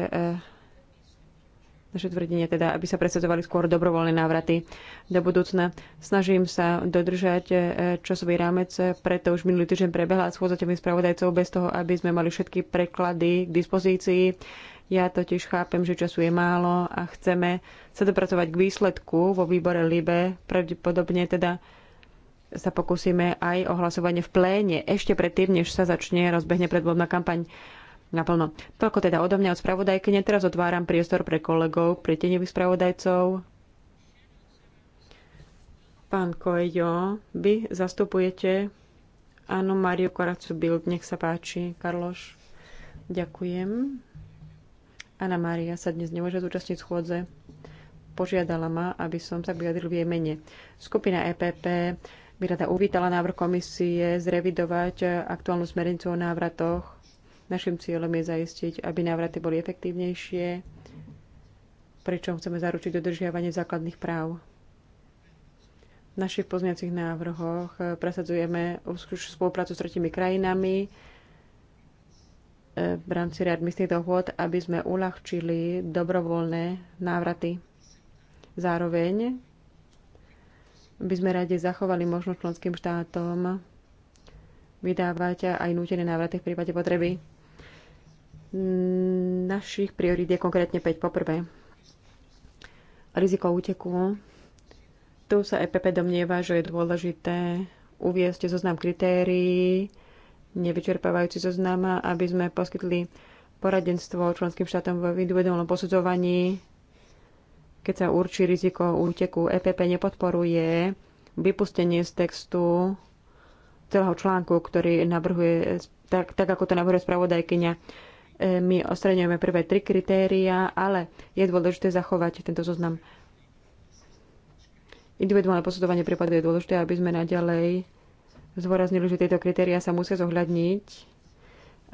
naše tvrdenie, teda aby sa presadzovali skôr dobrovoľné návraty do budúcna. Snažím sa dodržať e, časový rámec, preto už minulý týždeň prebehla schôdzateľmi spravodajcov bez toho, aby sme mali všetky preklady k dispozícii. Ja totiž chápem, že času je málo a chceme sa dopracovať k výsledku vo výbore LIBE. Pravdepodobne teda sa pokúsime aj o hlasovanie v pléne ešte predtým, než sa začne rozbehne predvodná kampaň naplno. Toľko teda odo mňa od spravodajkyne. Teraz otváram priestor pre kolegov, pre tenevých spravodajcov. Pán Kojo, vy zastupujete Áno, Mariu Koracu Bild, nech sa páči, Karloš. Ďakujem. Anna Maria sa dnes nemôže zúčastniť schôdze. Požiadala ma, aby som sa vyjadril v jej mene. Skupina EPP by rada uvítala návrh komisie zrevidovať aktuálnu smernicu o návratoch. Našim cieľom je zaistiť, aby návraty boli efektívnejšie, pričom chceme zaručiť dodržiavanie základných práv. V našich pozmiacich návrhoch presadzujeme spoluprácu s tretimi krajinami, v rámci readmisných dohôd, aby sme uľahčili dobrovoľné návraty. Zároveň by sme rade zachovali možnosť členským štátom vydávať aj nútené návraty v prípade potreby. Našich priorít je konkrétne 5. Poprvé, riziko úteku. Tu sa EPP domnieva, že je dôležité uviesť zoznam kritérií, nevyčerpávajúci zoznam, aby sme poskytli poradenstvo členským štátom v individuálnom posudzovaní, keď sa určí riziko úteku. EPP nepodporuje vypustenie z textu celého článku, ktorý navrhuje, tak, tak ako to navrhuje spravodajkyňa. E, my ostraňujeme prvé tri kritéria, ale je dôležité zachovať tento zoznam. Individuálne posudzovanie prípadov je dôležité, aby sme naďalej zvoraznili, že tieto kritéria sa musia zohľadniť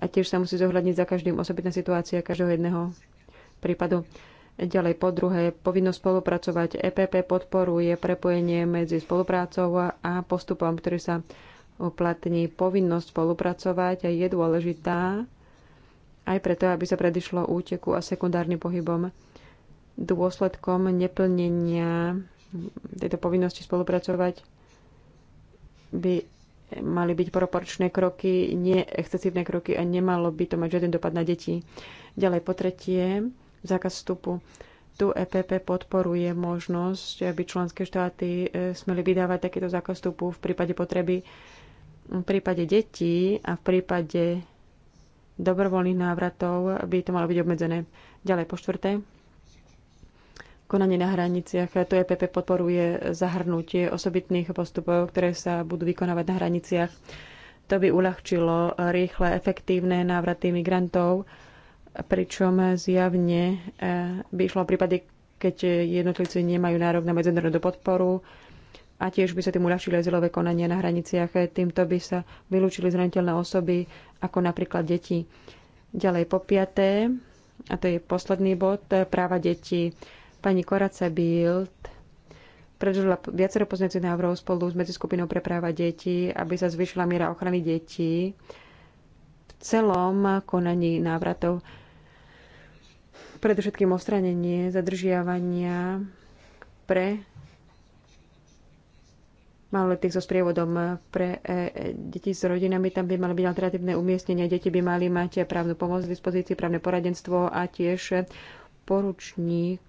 a tiež sa musí zohľadniť za každým osobitná situácia každého jedného prípadu. Ďalej po druhé, povinnosť spolupracovať. EPP podporuje prepojenie medzi spoluprácou a postupom, ktorý sa uplatní. Povinnosť spolupracovať a je dôležitá aj preto, aby sa predišlo úteku a sekundárnym pohybom. Dôsledkom neplnenia tejto povinnosti spolupracovať by mali byť proporčné kroky, nie excesívne kroky a nemalo by to mať žiaden dopad na deti. Ďalej po tretie, zákaz vstupu. Tu EPP podporuje možnosť, aby členské štáty e, smeli vydávať takéto zákaz vstupu v prípade potreby v prípade detí a v prípade dobrovoľných návratov by to malo byť obmedzené. Ďalej po štvrté, konanie na hraniciach. To EPP podporuje zahrnutie osobitných postupov, ktoré sa budú vykonávať na hraniciach. To by uľahčilo rýchle, efektívne návraty migrantov, pričom zjavne e, by išlo v prípade, keď jednotlivci nemajú nárok na medzinárodnú podporu a tiež by sa tým uľahčili azylové konania na hraniciach. Týmto by sa vylúčili zraniteľné osoby, ako napríklad deti. Ďalej po piaté, a to je posledný bod, práva detí. Pani Koraca Bild predložila viacero poznacích návrhov spolu s medziskupinou pre práva detí, aby sa zvyšila miera ochrany detí v celom konaní návratov. Predovšetkým ostranenie zadržiavania pre maloletých so sprievodom pre e, deti s rodinami. Tam by mali byť alternatívne umiestnenia. Deti by mali mať právnu pomoc v dispozícii, právne poradenstvo a tiež poručník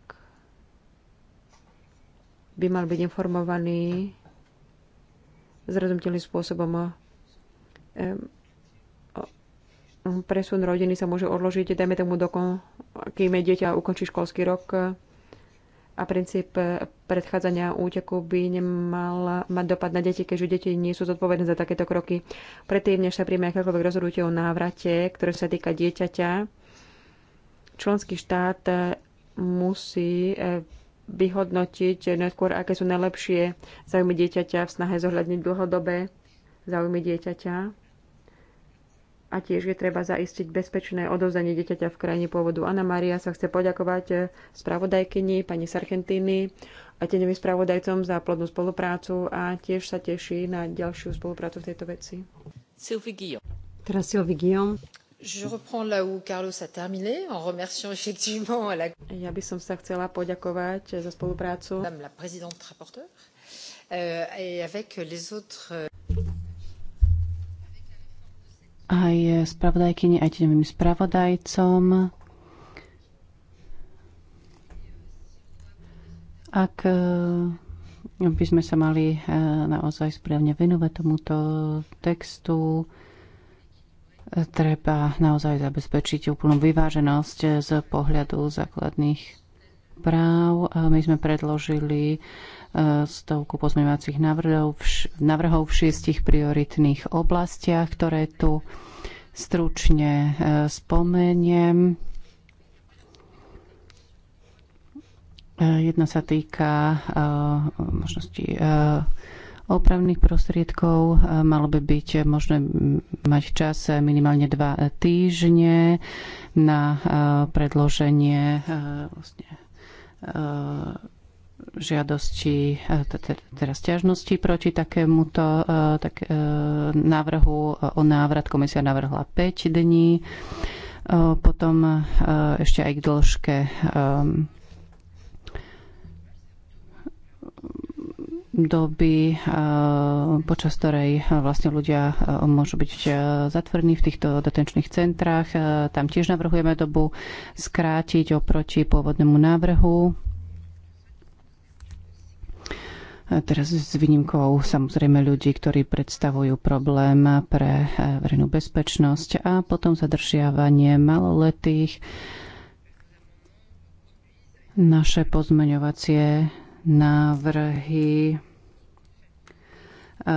by mal byť informovaný zrozumiteľným spôsobom. Presun rodiny sa môže odložiť, dajme tomu, dokon, kým je dieťa ukončí školský rok a princíp predchádzania úteku by nemal mať dopad na deti, keďže deti nie sú zodpovedné za takéto kroky. Predtým, než sa príjme akékoľvek rozhodnutie o návrate, ktoré sa týka dieťaťa, členský štát musí eh, vyhodnotiť najskôr, aké sú najlepšie záujmy dieťaťa v snahe zohľadniť dlhodobé záujmy dieťaťa. A tiež je treba zaistiť bezpečné odovzanie dieťaťa v krajine pôvodu. Anna Maria sa chce poďakovať spravodajkyni, pani Sargentini a tenevým spravodajcom za plodnú spoluprácu a tiež sa teší na ďalšiu spoluprácu v tejto veci. Silvigio. Teraz Silvigio. Je reprends là où Carlos a terminé, en remerciant effectivement la... Ja by som sa chcela poďakovať za spoluprácu. Madame la présidente rapporteur, euh, et avec les autres... Euh, aj spravodajkyni, aj tým spravodajcom. Ak eh, by sme sa mali eh, naozaj správne venovať tomuto textu, treba naozaj zabezpečiť úplnú vyváženosť z pohľadu základných práv. My sme predložili e, stovku pozmeňovacích návrhov, návrhov v šiestich prioritných oblastiach, ktoré tu stručne e, spomeniem. E, jedna sa týka možnosti opravných prostriedkov. E, malo by byť možné mať čas minimálne dva týždne na e, predloženie e, vlastne, žiadosti, teda stiažnosti proti takémuto tak, návrhu o návrat. Komisia navrhla 5 dní. Potom ešte aj k dĺžke doby, e, počas ktorej e, vlastne ľudia e, môžu byť zatvorení v týchto detenčných centrách. Tam tiež navrhujeme dobu skrátiť oproti pôvodnému návrhu. Teraz s výnimkou samozrejme ľudí, ktorí predstavujú problém pre verejnú bezpečnosť a potom zadržiavanie maloletých. Naše pozmeňovacie návrhy e, e,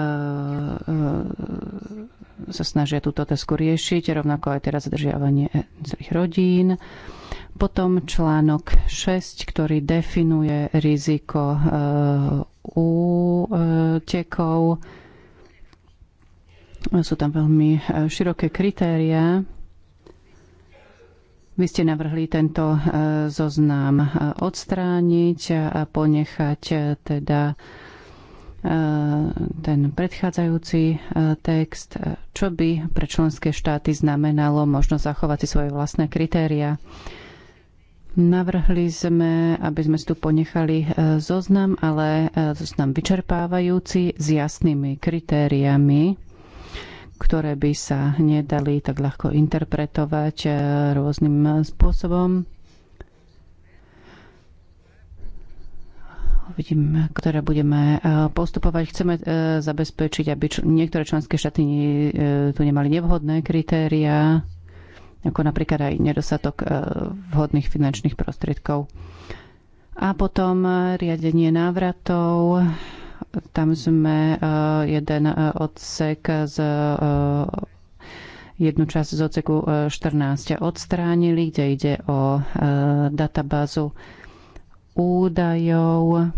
sa snažia túto otázku riešiť, rovnako aj teraz zadržiavanie celých rodín. Potom článok 6, ktorý definuje riziko e, útekov. Sú tam veľmi široké kritéria vy ste navrhli tento e, zoznam e, odstrániť a ponechať e, teda ten predchádzajúci text, čo by pre členské štáty znamenalo možno zachovať si svoje vlastné kritéria. Navrhli sme, aby sme tu ponechali zoznam, ale zoznam vyčerpávajúci s jasnými kritériami ktoré by sa nedali tak ľahko interpretovať eh, rôznym spôsobom. Vidím, ktoré budeme eh, postupovať. Chceme eh, zabezpečiť, aby niektoré členské štáty tu nemali nevhodné kritéria, ako napríklad aj nedostatok vhodných finančných prostriedkov. A potom riadenie návratov, tam sme e, jeden e, odsek z e, jednu časť z odseku 14 odstránili, kde ide o databázu údajov.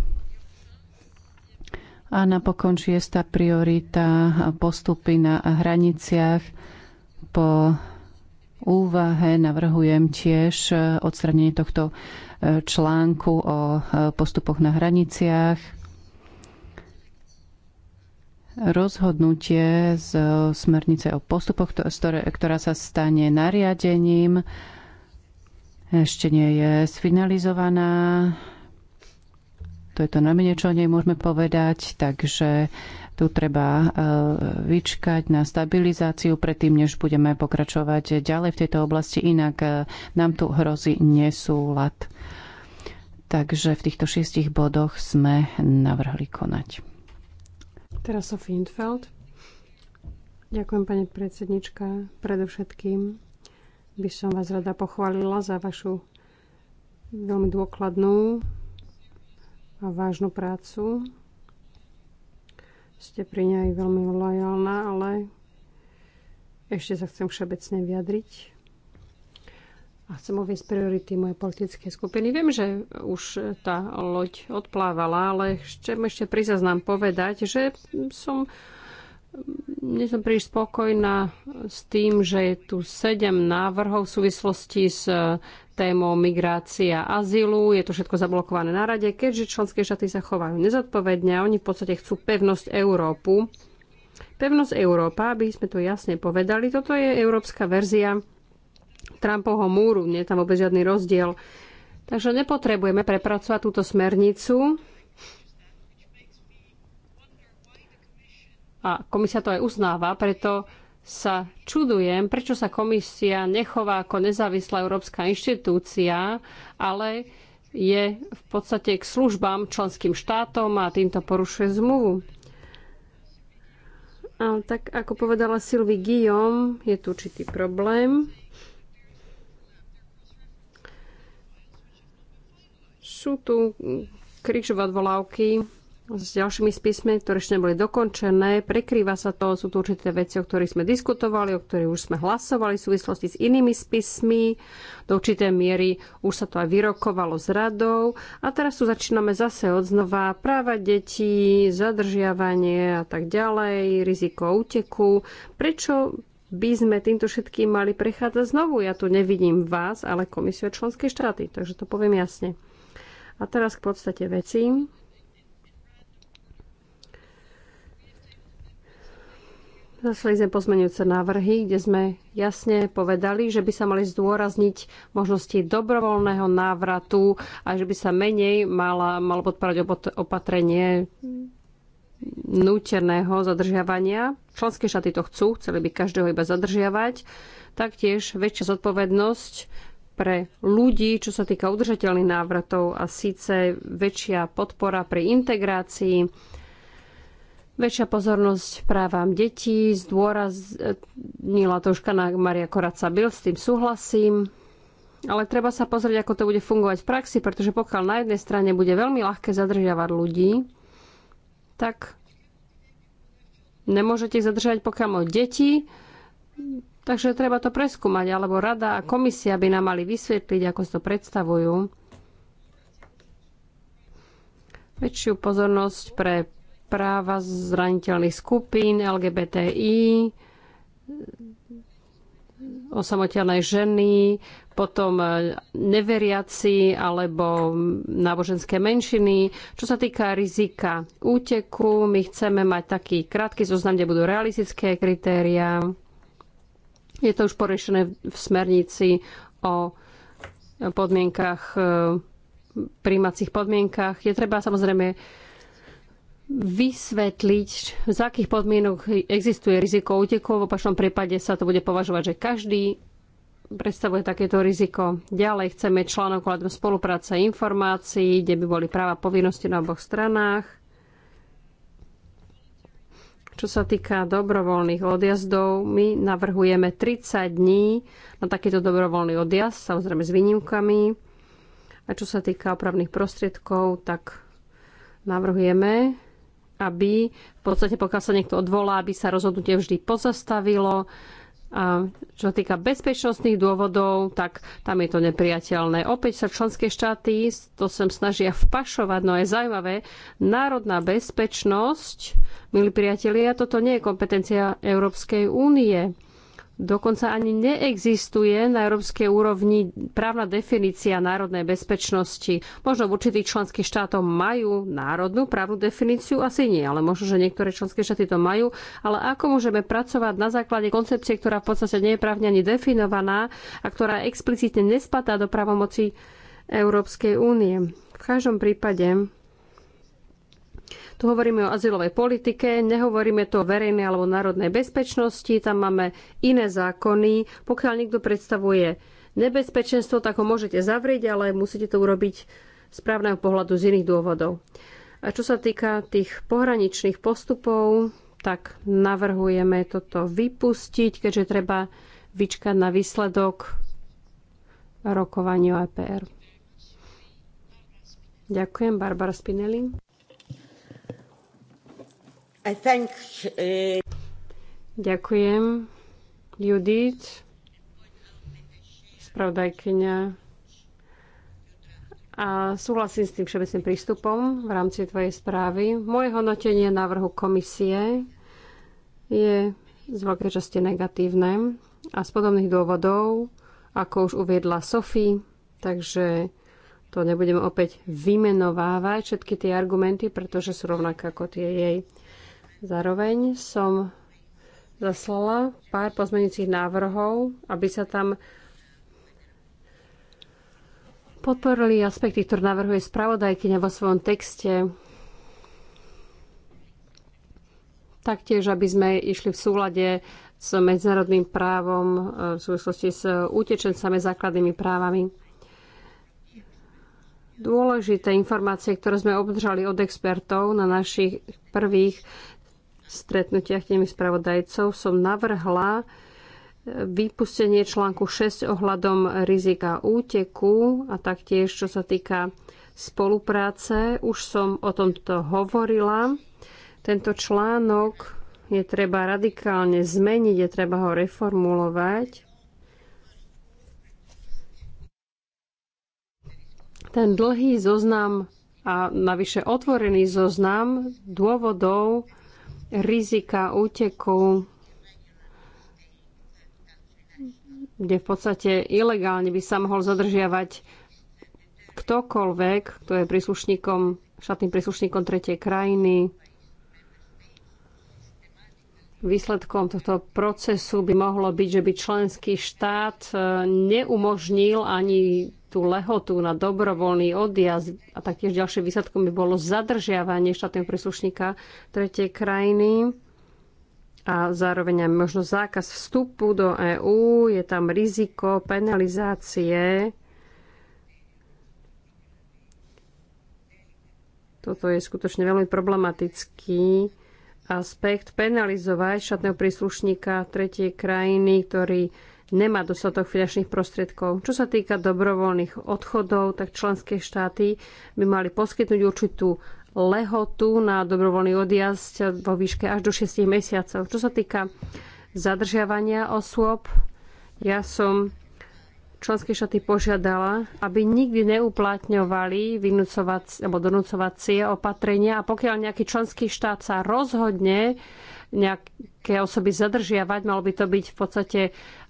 A napokon šiesta priorita postupy na hraniciach. Po úvahe navrhujem tiež odstranenie tohto článku o postupoch na hraniciach rozhodnutie z smernice o postupoch, ktorá sa stane nariadením. Ešte nie je sfinalizovaná. To je to najmenej, čo o nej môžeme povedať. Takže tu treba e, vyčkať na stabilizáciu predtým, než budeme pokračovať ďalej v tejto oblasti, inak e, nám tu hrozí nesúlad. Takže v týchto šiestich bodoch sme navrhli konať. Teraz Sophie Infeld. Ďakujem, pani predsednička. Predovšetkým by som vás rada pochválila za vašu veľmi dôkladnú a vážnu prácu. Ste pri nej veľmi lojálna, ale ešte sa chcem všeobecne vyjadriť a chcem uvieť priority mojej politickej skupiny. Viem, že už tá loď odplávala, ale chcem ešte prizaznám povedať, že som nie som príliš spokojná s tým, že je tu sedem návrhov v súvislosti s témou migrácia a azylu. Je to všetko zablokované na rade, keďže členské štáty sa chovajú nezodpovedne a oni v podstate chcú pevnosť Európu. Pevnosť Európa, aby sme to jasne povedali, toto je európska verzia Trumpovho múru, nie je tam vôbec žiadny rozdiel. Takže nepotrebujeme prepracovať túto smernicu. A komisia to aj uznáva, preto sa čudujem, prečo sa komisia nechová ako nezávislá európska inštitúcia, ale je v podstate k službám členským štátom a týmto porušuje zmluvu. A tak ako povedala Sylvie Guillaume, je tu určitý problém. Sú tu krížové odvolávky s ďalšími spismi, ktoré ešte neboli dokončené. Prekrýva sa to, sú tu určité veci, o ktorých sme diskutovali, o ktorých už sme hlasovali v súvislosti s inými spismi. Do určitej miery už sa to aj vyrokovalo s radou. A teraz tu začíname zase od znova práva detí, zadržiavanie a tak ďalej, riziko úteku. Prečo by sme týmto všetkým mali prechádzať znovu? Ja tu nevidím vás, ale komisiu a členské štáty, takže to poviem jasne. A teraz k podstate veci. Zašli sme pozmenujúce návrhy, kde sme jasne povedali, že by sa mali zdôrazniť možnosti dobrovoľného návratu a že by sa menej mala, malo podporať opatrenie núteného zadržiavania. Členské štáty to chcú, chceli by každého iba zadržiavať. Taktiež väčšia zodpovednosť pre ľudí, čo sa týka udržateľných návratov a síce väčšia podpora pri integrácii, väčšia pozornosť právam detí, zdôraznila to už kaná Maria Koraca Bil, s tým súhlasím. Ale treba sa pozrieť, ako to bude fungovať v praxi, pretože pokiaľ na jednej strane bude veľmi ľahké zadržiavať ľudí, tak nemôžete ich zadržať, pokiaľ majú deti, Takže treba to preskúmať, alebo rada a komisia by nám mali vysvetliť, ako si to predstavujú. Väčšiu pozornosť pre práva zraniteľných skupín, LGBTI, osamotelné ženy, potom neveriaci alebo náboženské menšiny. Čo sa týka rizika úteku, my chceme mať taký krátky zoznam, kde budú realistické kritéria. Je to už porešené v smernici o podmienkach, e, príjmacích podmienkach. Je treba samozrejme vysvetliť, z akých podmienok existuje riziko útekov. V opačnom prípade sa to bude považovať, že každý predstavuje takéto riziko. Ďalej chceme článok o spolupráce informácií, kde by boli práva povinnosti na oboch stranách. Čo sa týka dobrovoľných odjazdov, my navrhujeme 30 dní na takýto dobrovoľný odjazd, samozrejme s výnimkami. A čo sa týka opravných prostriedkov, tak navrhujeme, aby v podstate pokiaľ sa niekto odvolá, aby sa rozhodnutie vždy pozastavilo, a čo týka bezpečnostných dôvodov, tak tam je to nepriateľné. Opäť sa členské štáty to sem snažia vpašovať, no je zaujímavé. Národná bezpečnosť, milí priatelia, toto nie je kompetencia Európskej únie. Dokonca ani neexistuje na európskej úrovni právna definícia národnej bezpečnosti. Možno v určitých členských štátoch majú národnú právnu definíciu, asi nie, ale možno, že niektoré členské štáty to majú. Ale ako môžeme pracovať na základe koncepcie, ktorá v podstate nie je právne ani definovaná a ktorá explicitne nespadá do právomoci Európskej únie? V každom prípade tu hovoríme o azylovej politike, nehovoríme tu o verejnej alebo národnej bezpečnosti, tam máme iné zákony. Pokiaľ niekto predstavuje nebezpečenstvo, tak ho môžete zavrieť, ale musíte to urobiť z právneho pohľadu z iných dôvodov. A čo sa týka tých pohraničných postupov, tak navrhujeme toto vypustiť, keďže treba vyčkať na výsledok rokovania APR. Ďakujem, Barbara Spinelli. I thank, uh... Ďakujem, Judith, spravodajkynia. A súhlasím s tým všeobecným prístupom v rámci tvojej správy. Moje hodnotenie návrhu komisie je z veľkej časti negatívne a z podobných dôvodov, ako už uviedla Sofie, takže to nebudem opäť vymenovávať všetky tie argumenty, pretože sú rovnaké ako tie jej. Zároveň som zaslala pár pozmeňujúcich návrhov, aby sa tam podporili aspekty, ktoré navrhuje spravodajkyňa vo svojom texte. Taktiež, aby sme išli v súlade s medzinárodným právom e, v súvislosti s utečencami, základnými právami. Dôležité informácie, ktoré sme obdržali od expertov na našich prvých stretnutiach tými spravodajcov som navrhla eh, vypustenie článku 6 ohľadom rizika úteku a taktiež, čo sa týka spolupráce. Už som o tomto hovorila. Tento článok je treba radikálne zmeniť, je treba ho reformulovať. Ten dlhý zoznam a navyše otvorený zoznam dôvodov rizika úteku, kde v podstate ilegálne by sa mohol zadržiavať ktokoľvek, kto je príslušníkom, štátnym príslušníkom tretej krajiny. Výsledkom tohto procesu by mohlo byť, že by členský štát eh, neumožnil ani tú lehotu na dobrovoľný odjazd a taktiež ďalším výsledkom by bolo zadržiavanie štátneho príslušníka tretej krajiny a zároveň aj možno zákaz vstupu do EÚ, je tam riziko penalizácie. Toto je skutočne veľmi problematický aspekt penalizovať štátneho príslušníka tretej krajiny, ktorý nemá dostatok finančných prostriedkov. Čo sa týka dobrovoľných odchodov, tak členské štáty by mali poskytnúť určitú lehotu na dobrovoľný odjazd vo výške až do 6 mesiacov. Čo sa týka zadržiavania osôb, ja som členské štáty požiadala, aby nikdy neuplatňovali alebo donúcovacie opatrenia a pokiaľ nejaký členský štát sa rozhodne nejaké osoby zadržiavať, malo by to byť v podstate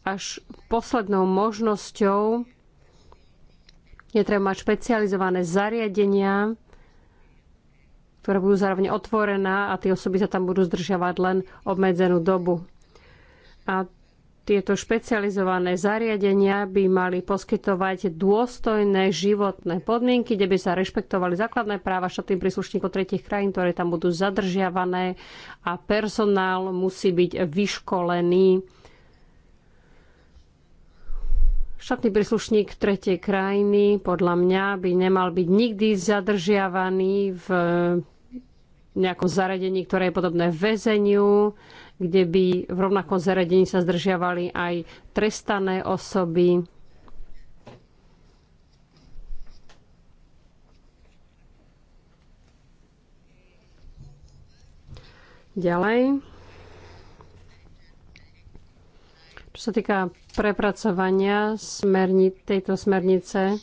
až poslednou možnosťou je treba mať špecializované zariadenia, ktoré budú zároveň otvorené a tie osoby sa tam budú zdržiavať len obmedzenú dobu. A tieto špecializované zariadenia by mali poskytovať dôstojné životné podmienky, kde by sa rešpektovali základné práva štátnych príslušníkov tretich krajín, ktoré tam budú zadržiavané a personál musí byť vyškolený Štátny príslušník tretej krajiny podľa mňa by nemal byť nikdy zadržiavaný v nejakom zaradení, ktoré je podobné väzeniu, kde by v rovnakom zariadení sa zdržiavali aj trestané osoby. Ďalej. Čo sa týka prepracovania smerni- tejto smernice,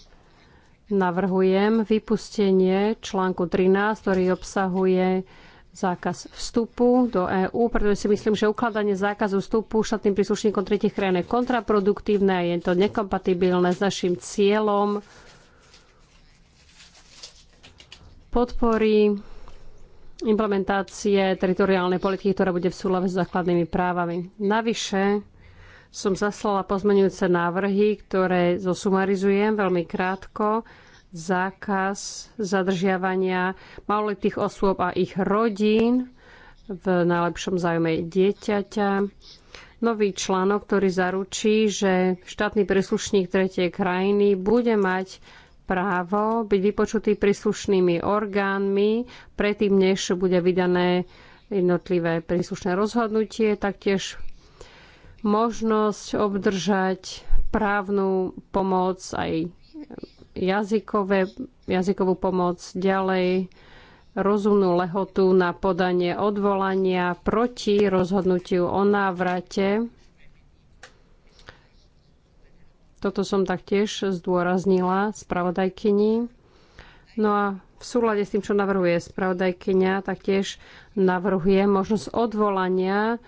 navrhujem vypustenie článku 13, ktorý obsahuje zákaz vstupu do EÚ, pretože si myslím, že ukladanie zákazu vstupu štátnym príslušníkom tretich krajín je kontraproduktívne a je to nekompatibilné s našim cieľom podpory implementácie teritoriálnej politiky, ktorá bude v súlave s základnými právami. Navyše, som zaslala pozmenujúce návrhy, ktoré zosumarizujem veľmi krátko. Zákaz zadržiavania maloletých osôb a ich rodín v najlepšom zájme dieťaťa. Nový článok, ktorý zaručí, že štátny príslušník tretej krajiny bude mať právo byť vypočutý príslušnými orgánmi predtým, než bude vydané jednotlivé príslušné rozhodnutie, taktiež možnosť obdržať právnu pomoc, aj jazykové, jazykovú pomoc, ďalej rozumnú lehotu na podanie odvolania proti rozhodnutiu o návrate. Toto som taktiež zdôraznila spravodajkyni. No a v súlade s tým, čo navrhuje spravodajkyňa, taktiež navrhuje možnosť odvolania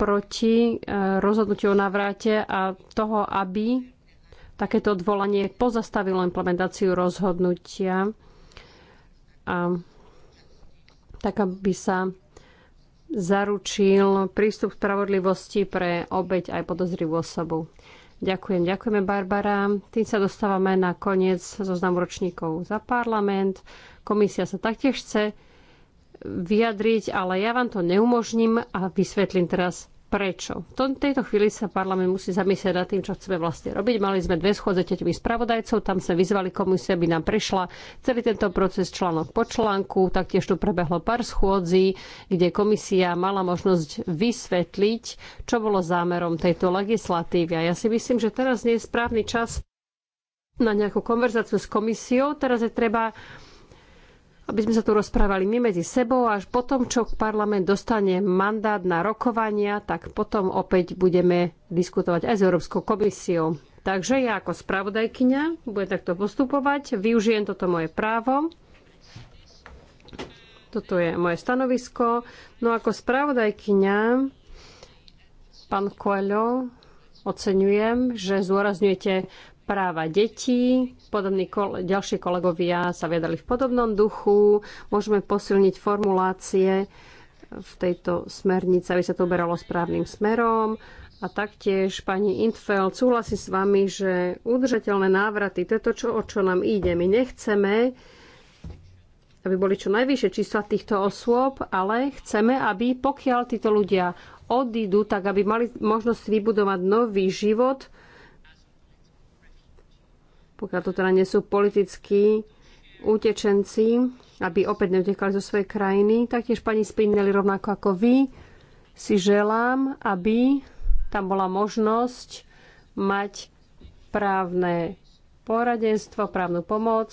proti e, rozhodnutiu o navráte a toho, aby takéto odvolanie pozastavilo implementáciu rozhodnutia a tak, aby sa zaručil prístup spravodlivosti pre obeď aj podozrivú osobu. Ďakujem, ďakujeme Barbara. Tým sa dostávame na koniec zoznamu ročníkov za parlament. Komisia sa taktiež chce vyjadriť, ale ja vám to neumožním a vysvetlím teraz prečo. V tejto chvíli sa parlament musí zamyslieť nad tým, čo chceme vlastne robiť. Mali sme dve schôdze teťmi spravodajcov, tam sme vyzvali komisia, aby nám prešla celý tento proces článok po článku. Taktiež tu prebehlo pár schôdzí, kde komisia mala možnosť vysvetliť, čo bolo zámerom tejto legislatívy. A ja si myslím, že teraz nie je správny čas na nejakú konverzáciu s komisiou. Teraz je treba aby sme sa tu rozprávali my medzi sebou až potom, čo parlament dostane mandát na rokovania, tak potom opäť budeme diskutovať aj s Európskou komisiou. Takže ja ako spravodajkyňa budem takto postupovať, využijem toto moje právo. Toto je moje stanovisko. No ako spravodajkyňa, pán Koelho, oceňujem, že zdôrazňujete práva detí. Podobní kol, ďalší kolegovia sa viedali v podobnom duchu. Môžeme posilniť formulácie v tejto smernici, aby sa to uberalo správnym smerom. A taktiež, pani Intfeld, súhlasí s vami, že udržateľné návraty, to je to, čo, o čo nám ide. My nechceme, aby boli čo najvyššie čísla týchto osôb, ale chceme, aby pokiaľ títo ľudia odídu, tak aby mali možnosť vybudovať nový život pokiaľ to teda nie sú politickí utečenci, aby opäť neutekali zo svojej krajiny. Taktiež pani Spinelli, rovnako ako vy, si želám, aby tam bola možnosť mať právne poradenstvo, právnu pomoc.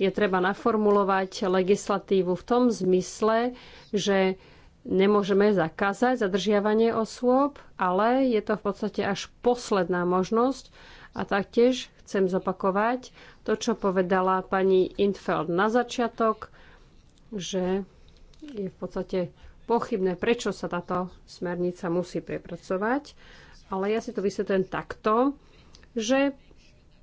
Je treba naformulovať legislatívu v tom zmysle, že nemôžeme zakázať zadržiavanie osôb, ale je to v podstate až posledná možnosť, a taktiež chcem zopakovať to, čo povedala pani Infeld na začiatok, že je v podstate pochybné, prečo sa táto smernica musí prepracovať. Ale ja si to vysvetlím takto, že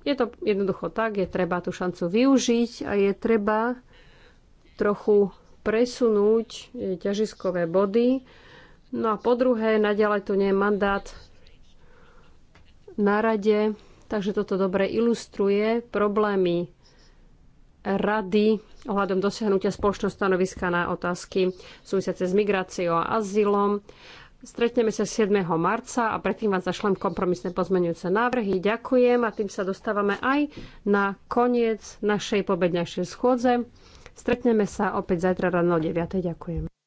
je to jednoducho tak, je treba tú šancu využiť a je treba trochu presunúť e, ťažiskové body. No a po druhé, naďalej tu nie je mandát na rade Takže toto dobre ilustruje problémy rady ohľadom dosiahnutia spoločného stanoviska na otázky súvisiace s migráciou a azylom. Stretneme sa 7. marca a predtým vás zašlem kompromisné pozmenujúce návrhy. Ďakujem a tým sa dostávame aj na koniec našej pobednejšej schôdze. Stretneme sa opäť zajtra ráno o 9. Ďakujem.